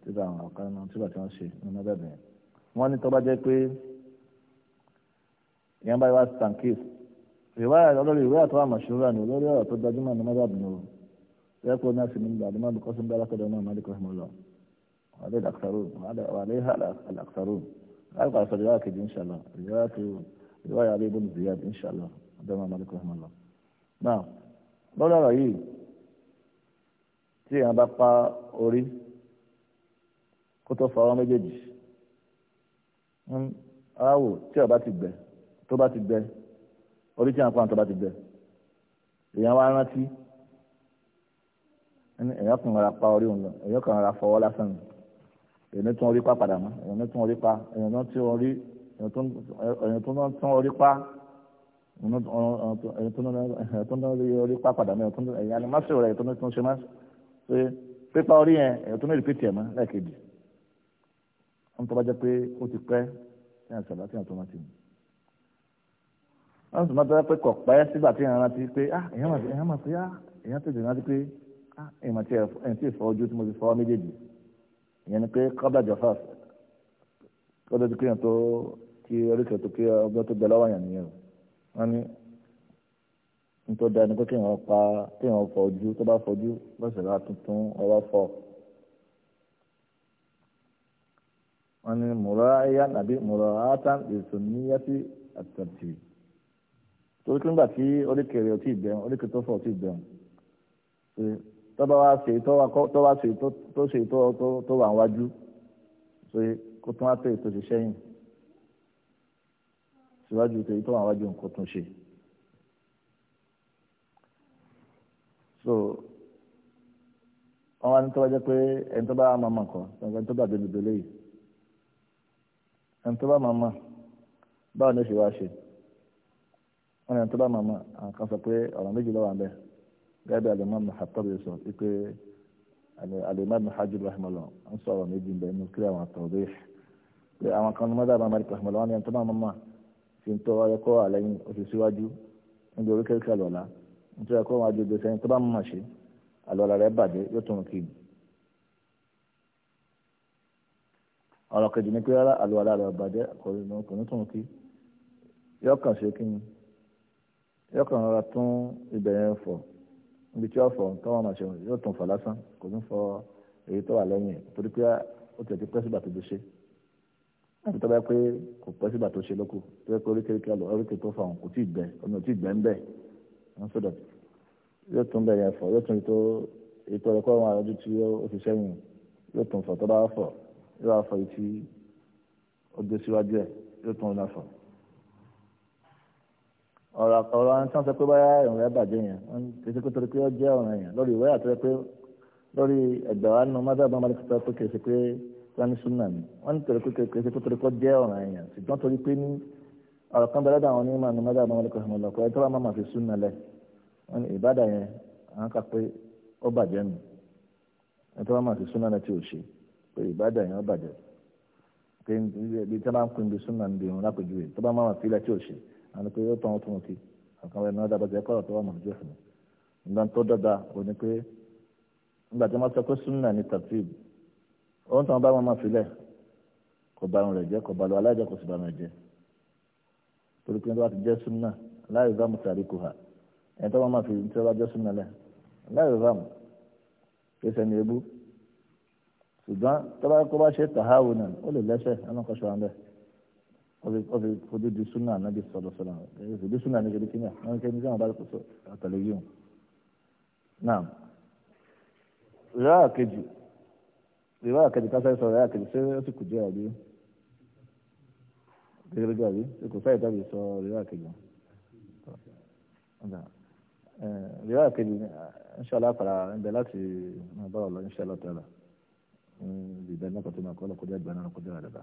Speaker 1: tíra àwọn ọ̀kan náà tíra tí wọ́n ṣe ní mọ́dà bẹ̀rẹ̀ wọ́n ní tó bá jẹ́ pé ìyẹn báyìí wá stankis ìwé àtọ́wà mọ̀ṣúra ni olórí ọ̀rọ̀ tó gbajúmọ̀ ní mọ́dà bìnrin يقول الناس من بعد ما بقسم ذلك الإمام مالك رحمه الله هذا الأكثرون وعليها الأكثرون أبقى في رواية إن شاء الله رواية رواية علي بن زياد إن شاء الله الإمام مالك رحمه الله نعم lọ́dọ̀ ọ̀rọ̀ yìí tí èèyàn bá pa orí kó tó fa ọwọ́ méjèèjì aráwò tí ọba ti gbẹ tó bá ti gbẹ orí tí à ń tó bá ti gbẹ èèyàn wá rántí èèyàn kan rà pa orí òun lọ èèyàn kan rà fọwọ́ lásán nù èèyàn tún orí pa padà mọ́ èèyàn tún orí pa èèyàn tún orí èèyàn tún orí pa èèyàn tún orí pa padà mọ́ èèyàn ni mọ́sí rẹ̀ èèyàn tún ṣe má ṣe pípa orí yẹn èèyàn tún lè pìtì ẹ̀ mọ́ lẹ́ẹ̀kejì wọ́n tọ́ bá jẹ́ pé ó ti pẹ́ tí a sọ̀rọ̀ tí a tọ́ ma ti mú wọ́n sì máa tọ́ pé kọ̀ pẹ́ sígbà tí èèyàn rántí pé ah èèyàn máa fi ah èèyàn tètè rántí pé ẹ̀mọ̀ tí ẹ̀ ti fọ ojú tí mo ti fọ méjèèjì ìyẹn ni pé kọ́dà jọ̀fà kọ́dà tó kéèyàn tó kí oríkèé tó kí ọgbẹ́ tó bẹ lọ́wọ́ yàn nìyẹn o wọ́n ní nítorí dáa ni pé kéèyàn pa kéèyàn fọ ojú tó bá fọ ojú lọ́sẹ̀ bá tuntun ọwọ́ fọ. wọ́n ní mùrọ̀ ayá àbí mùrọ̀ átán èso níyàtì àtàtì torí pé nígbà tí oríkèé rẹ̀ ò tí ì bẹ̀rù oríkèé tó fọ̀ ò tí ì bẹ̀rù tọ́ba wa ṣe tọ́ba ṣe tó ṣe tó wà wájú kó tún wá tẹ̀yìn tó ṣe sẹ́yìn síwájú tẹ̀yìn tó wà wájú nǹkan tún ṣe. so wọ́n wá ní tọ́ba jẹ́ pé ẹni tó bá máa mọ̀ kọ́ ẹni tó bá débi délé yìí ẹni tó bá máa mọ̀ báwo ni ó ṣe wá ṣe wọ́n ní ẹni tó bá máa mọ̀ àwọn kan sọ pé ọ̀rọ̀ méjì ló wà gẹ́gẹ́ alimọ́ muhatab yìí sọ pé alimọ́ muhajir rahmanulah ń sọ̀rọ̀ méjì ń bẹ inú kí àwọn àtọ̀dé pé àwọn kan ní mọ́tàbà malik rahmanulah wọn ni ẹni tó máa mọ́mọ́ fi ń tọ́ ọyọ́kọ́ àlẹ́yìn oṣù síwájú níbi oríkèéríkè àlọ́lá nítorí ẹ̀kọ́ wọn àjọyọ̀ sẹ́yìn tó bá mọ̀ ṣe àlọ́lá rẹ̀ bàjẹ́ yóò tún kì ọ̀rọ̀ kejì ni pé rárá àlọ́lá rẹ̀ bàjẹ́ kò ní tún kì í yọkàn ṣe kí ni yọkàn rárá tún ibẹ̀ yẹn fọ̀ níbi tí wọ́n fọ nǹkan wọn máa ṣe yóò tún fọ lásán kò ní fọ èyí tó wà lẹ́yìn torí pé ó ti ẹ̀tí pẹ́ sígbà tó ti ṣe àti tó bá pé kò pẹ́ sígbà tó ṣe lóko tó bá pé oríkèéríkè lọ oríkèé tó fọ àwọn kò tí ì gbẹ omi ò tí gbẹ ń bẹ wọn sọdọ yóò tún bẹ fọ yóò tún ètò ètò ẹ̀kọ́ àwọn àrọ́jú tí ó ti sẹ́yìn yóò tún fọ tó bá fọ yóò fọ èyí ọ̀rọ̀ ọ̀rọ̀ àwọn tí wọ́n sọ pé báyà ìrìn rẹ̀ bàjẹ́ yẹn wọ́n ti ṣe pé torí pé ó jẹ́ ọ̀ràn yẹn lórí ìwé àti pé lórí ẹgbẹ́ wa nínú mọ́tàbá máa fi sọ pé pé sani sunna ni wọ́n ní torí pé kìí ṣe pé torí pé ó jẹ́ ọ̀ràn yẹn ṣùgbọ́n torí pé ní ọ̀rọ̀ kan bẹ̀rẹ̀ dáhùn onímọ̀ nínú mọ́tàbá máa fi sọ pé ẹ̀tọ́ máa fi sunna lẹ̀ wọ́n ní ìbádà yẹn àwọn kà pé máa fi sunna lẹ̀ ìbádà yẹn ó àwọn pé yóò tán tún ti àkàn wẹ̀ náà dàbàjẹ́ kọ́ ọ̀tọ́ wọn mọ̀jú fún mi nígbà tó dọ́gba ò ní pé nígbà tí wọ́n sọ pé súnà ní tàtíìb ohun táwọn bá wọn máa filẹ̀ kò bá wọn rẹ̀ jẹ́ kò bá lọ aláìjẹ́ kò sì bá wọn jẹ́ torí pé wọ́n ti jẹ́ súnà láì zámù tàrí kò hà ẹ̀ tó wọn máa fi tí wọ́n bá jẹ́ súnà lẹ̀ láì zámù kí sẹ́ni ebú ṣùgbọ́n tó bá kó bá ṣe tàháwù náà ó lè lẹ́sẹ̀ ẹ̀ ọbẹ̀ fojú di súnà ànábì sọ̀rọ̀ sọ̀rọ̀ ẹ̀yẹ fojú súnà ní kẹ́lí kíní àwọn kẹ́ni sáwọn bá kó àtàlẹ́ yìí hùn. náà rírà kejì rírà kejì kásá sọ rírà kejì ṣé ó sì kù jẹ́ àbí gẹ́gẹ́ bí àbí ṣe kò sáyẹ̀ tàbí sọ rírà kejì. rírà kejì inṣàlá àpàrà ń bẹ láti máa bá ọ̀lọ́ inṣàlá tẹ́lá ń bìbẹ́ náà kọ́tún náà kọ́ lọ́kọ́jà ìgbà náà lọ́kọ́jà àdàdà.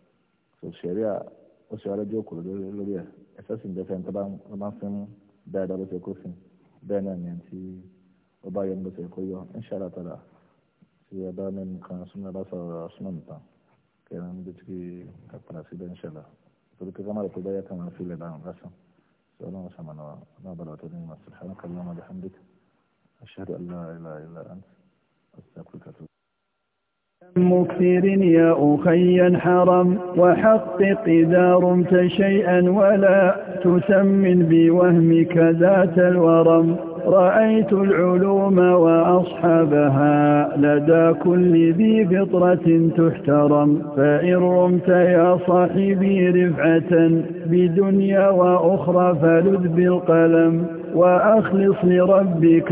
Speaker 1: so sẹ̀ríà ó ṣe ọlọ́jọ́ òkúrò lórí ẹ̀ ẹ̀fẹ́ sì ń jẹ́ fẹ́ni tó bá ń fún dáadáa bó ṣe kó fún bẹ́ẹ̀ náà nìyẹn tí ó bá yẹ bó ṣe kó yọ inṣàlá tààlà tí ẹ bá mẹ́nu kan súnmọ́ bá sọ̀rọ̀ súnmọ́ nìkan kẹrin bí tí ká padà síbẹ̀ inṣàlá torí pé ká má lè kó báyà kan fi lè dáhùn lásán sọ ọlọ́run sàmànà náà bá lọ́tọ́ nínú subhanaka allahumma wa bihamdik ashhadu an la ilaha illa anta astaghfiruka
Speaker 3: مكثر يا أخي حرم وحقق إذا رمت شيئا ولا تسمن بوهمك ذات الورم رأيت العلوم وأصحابها لدى كل ذي فطرة تحترم فإن رمت يا صاحبي رفعة بدنيا وأخرى فلذ بالقلم وأخلص لربك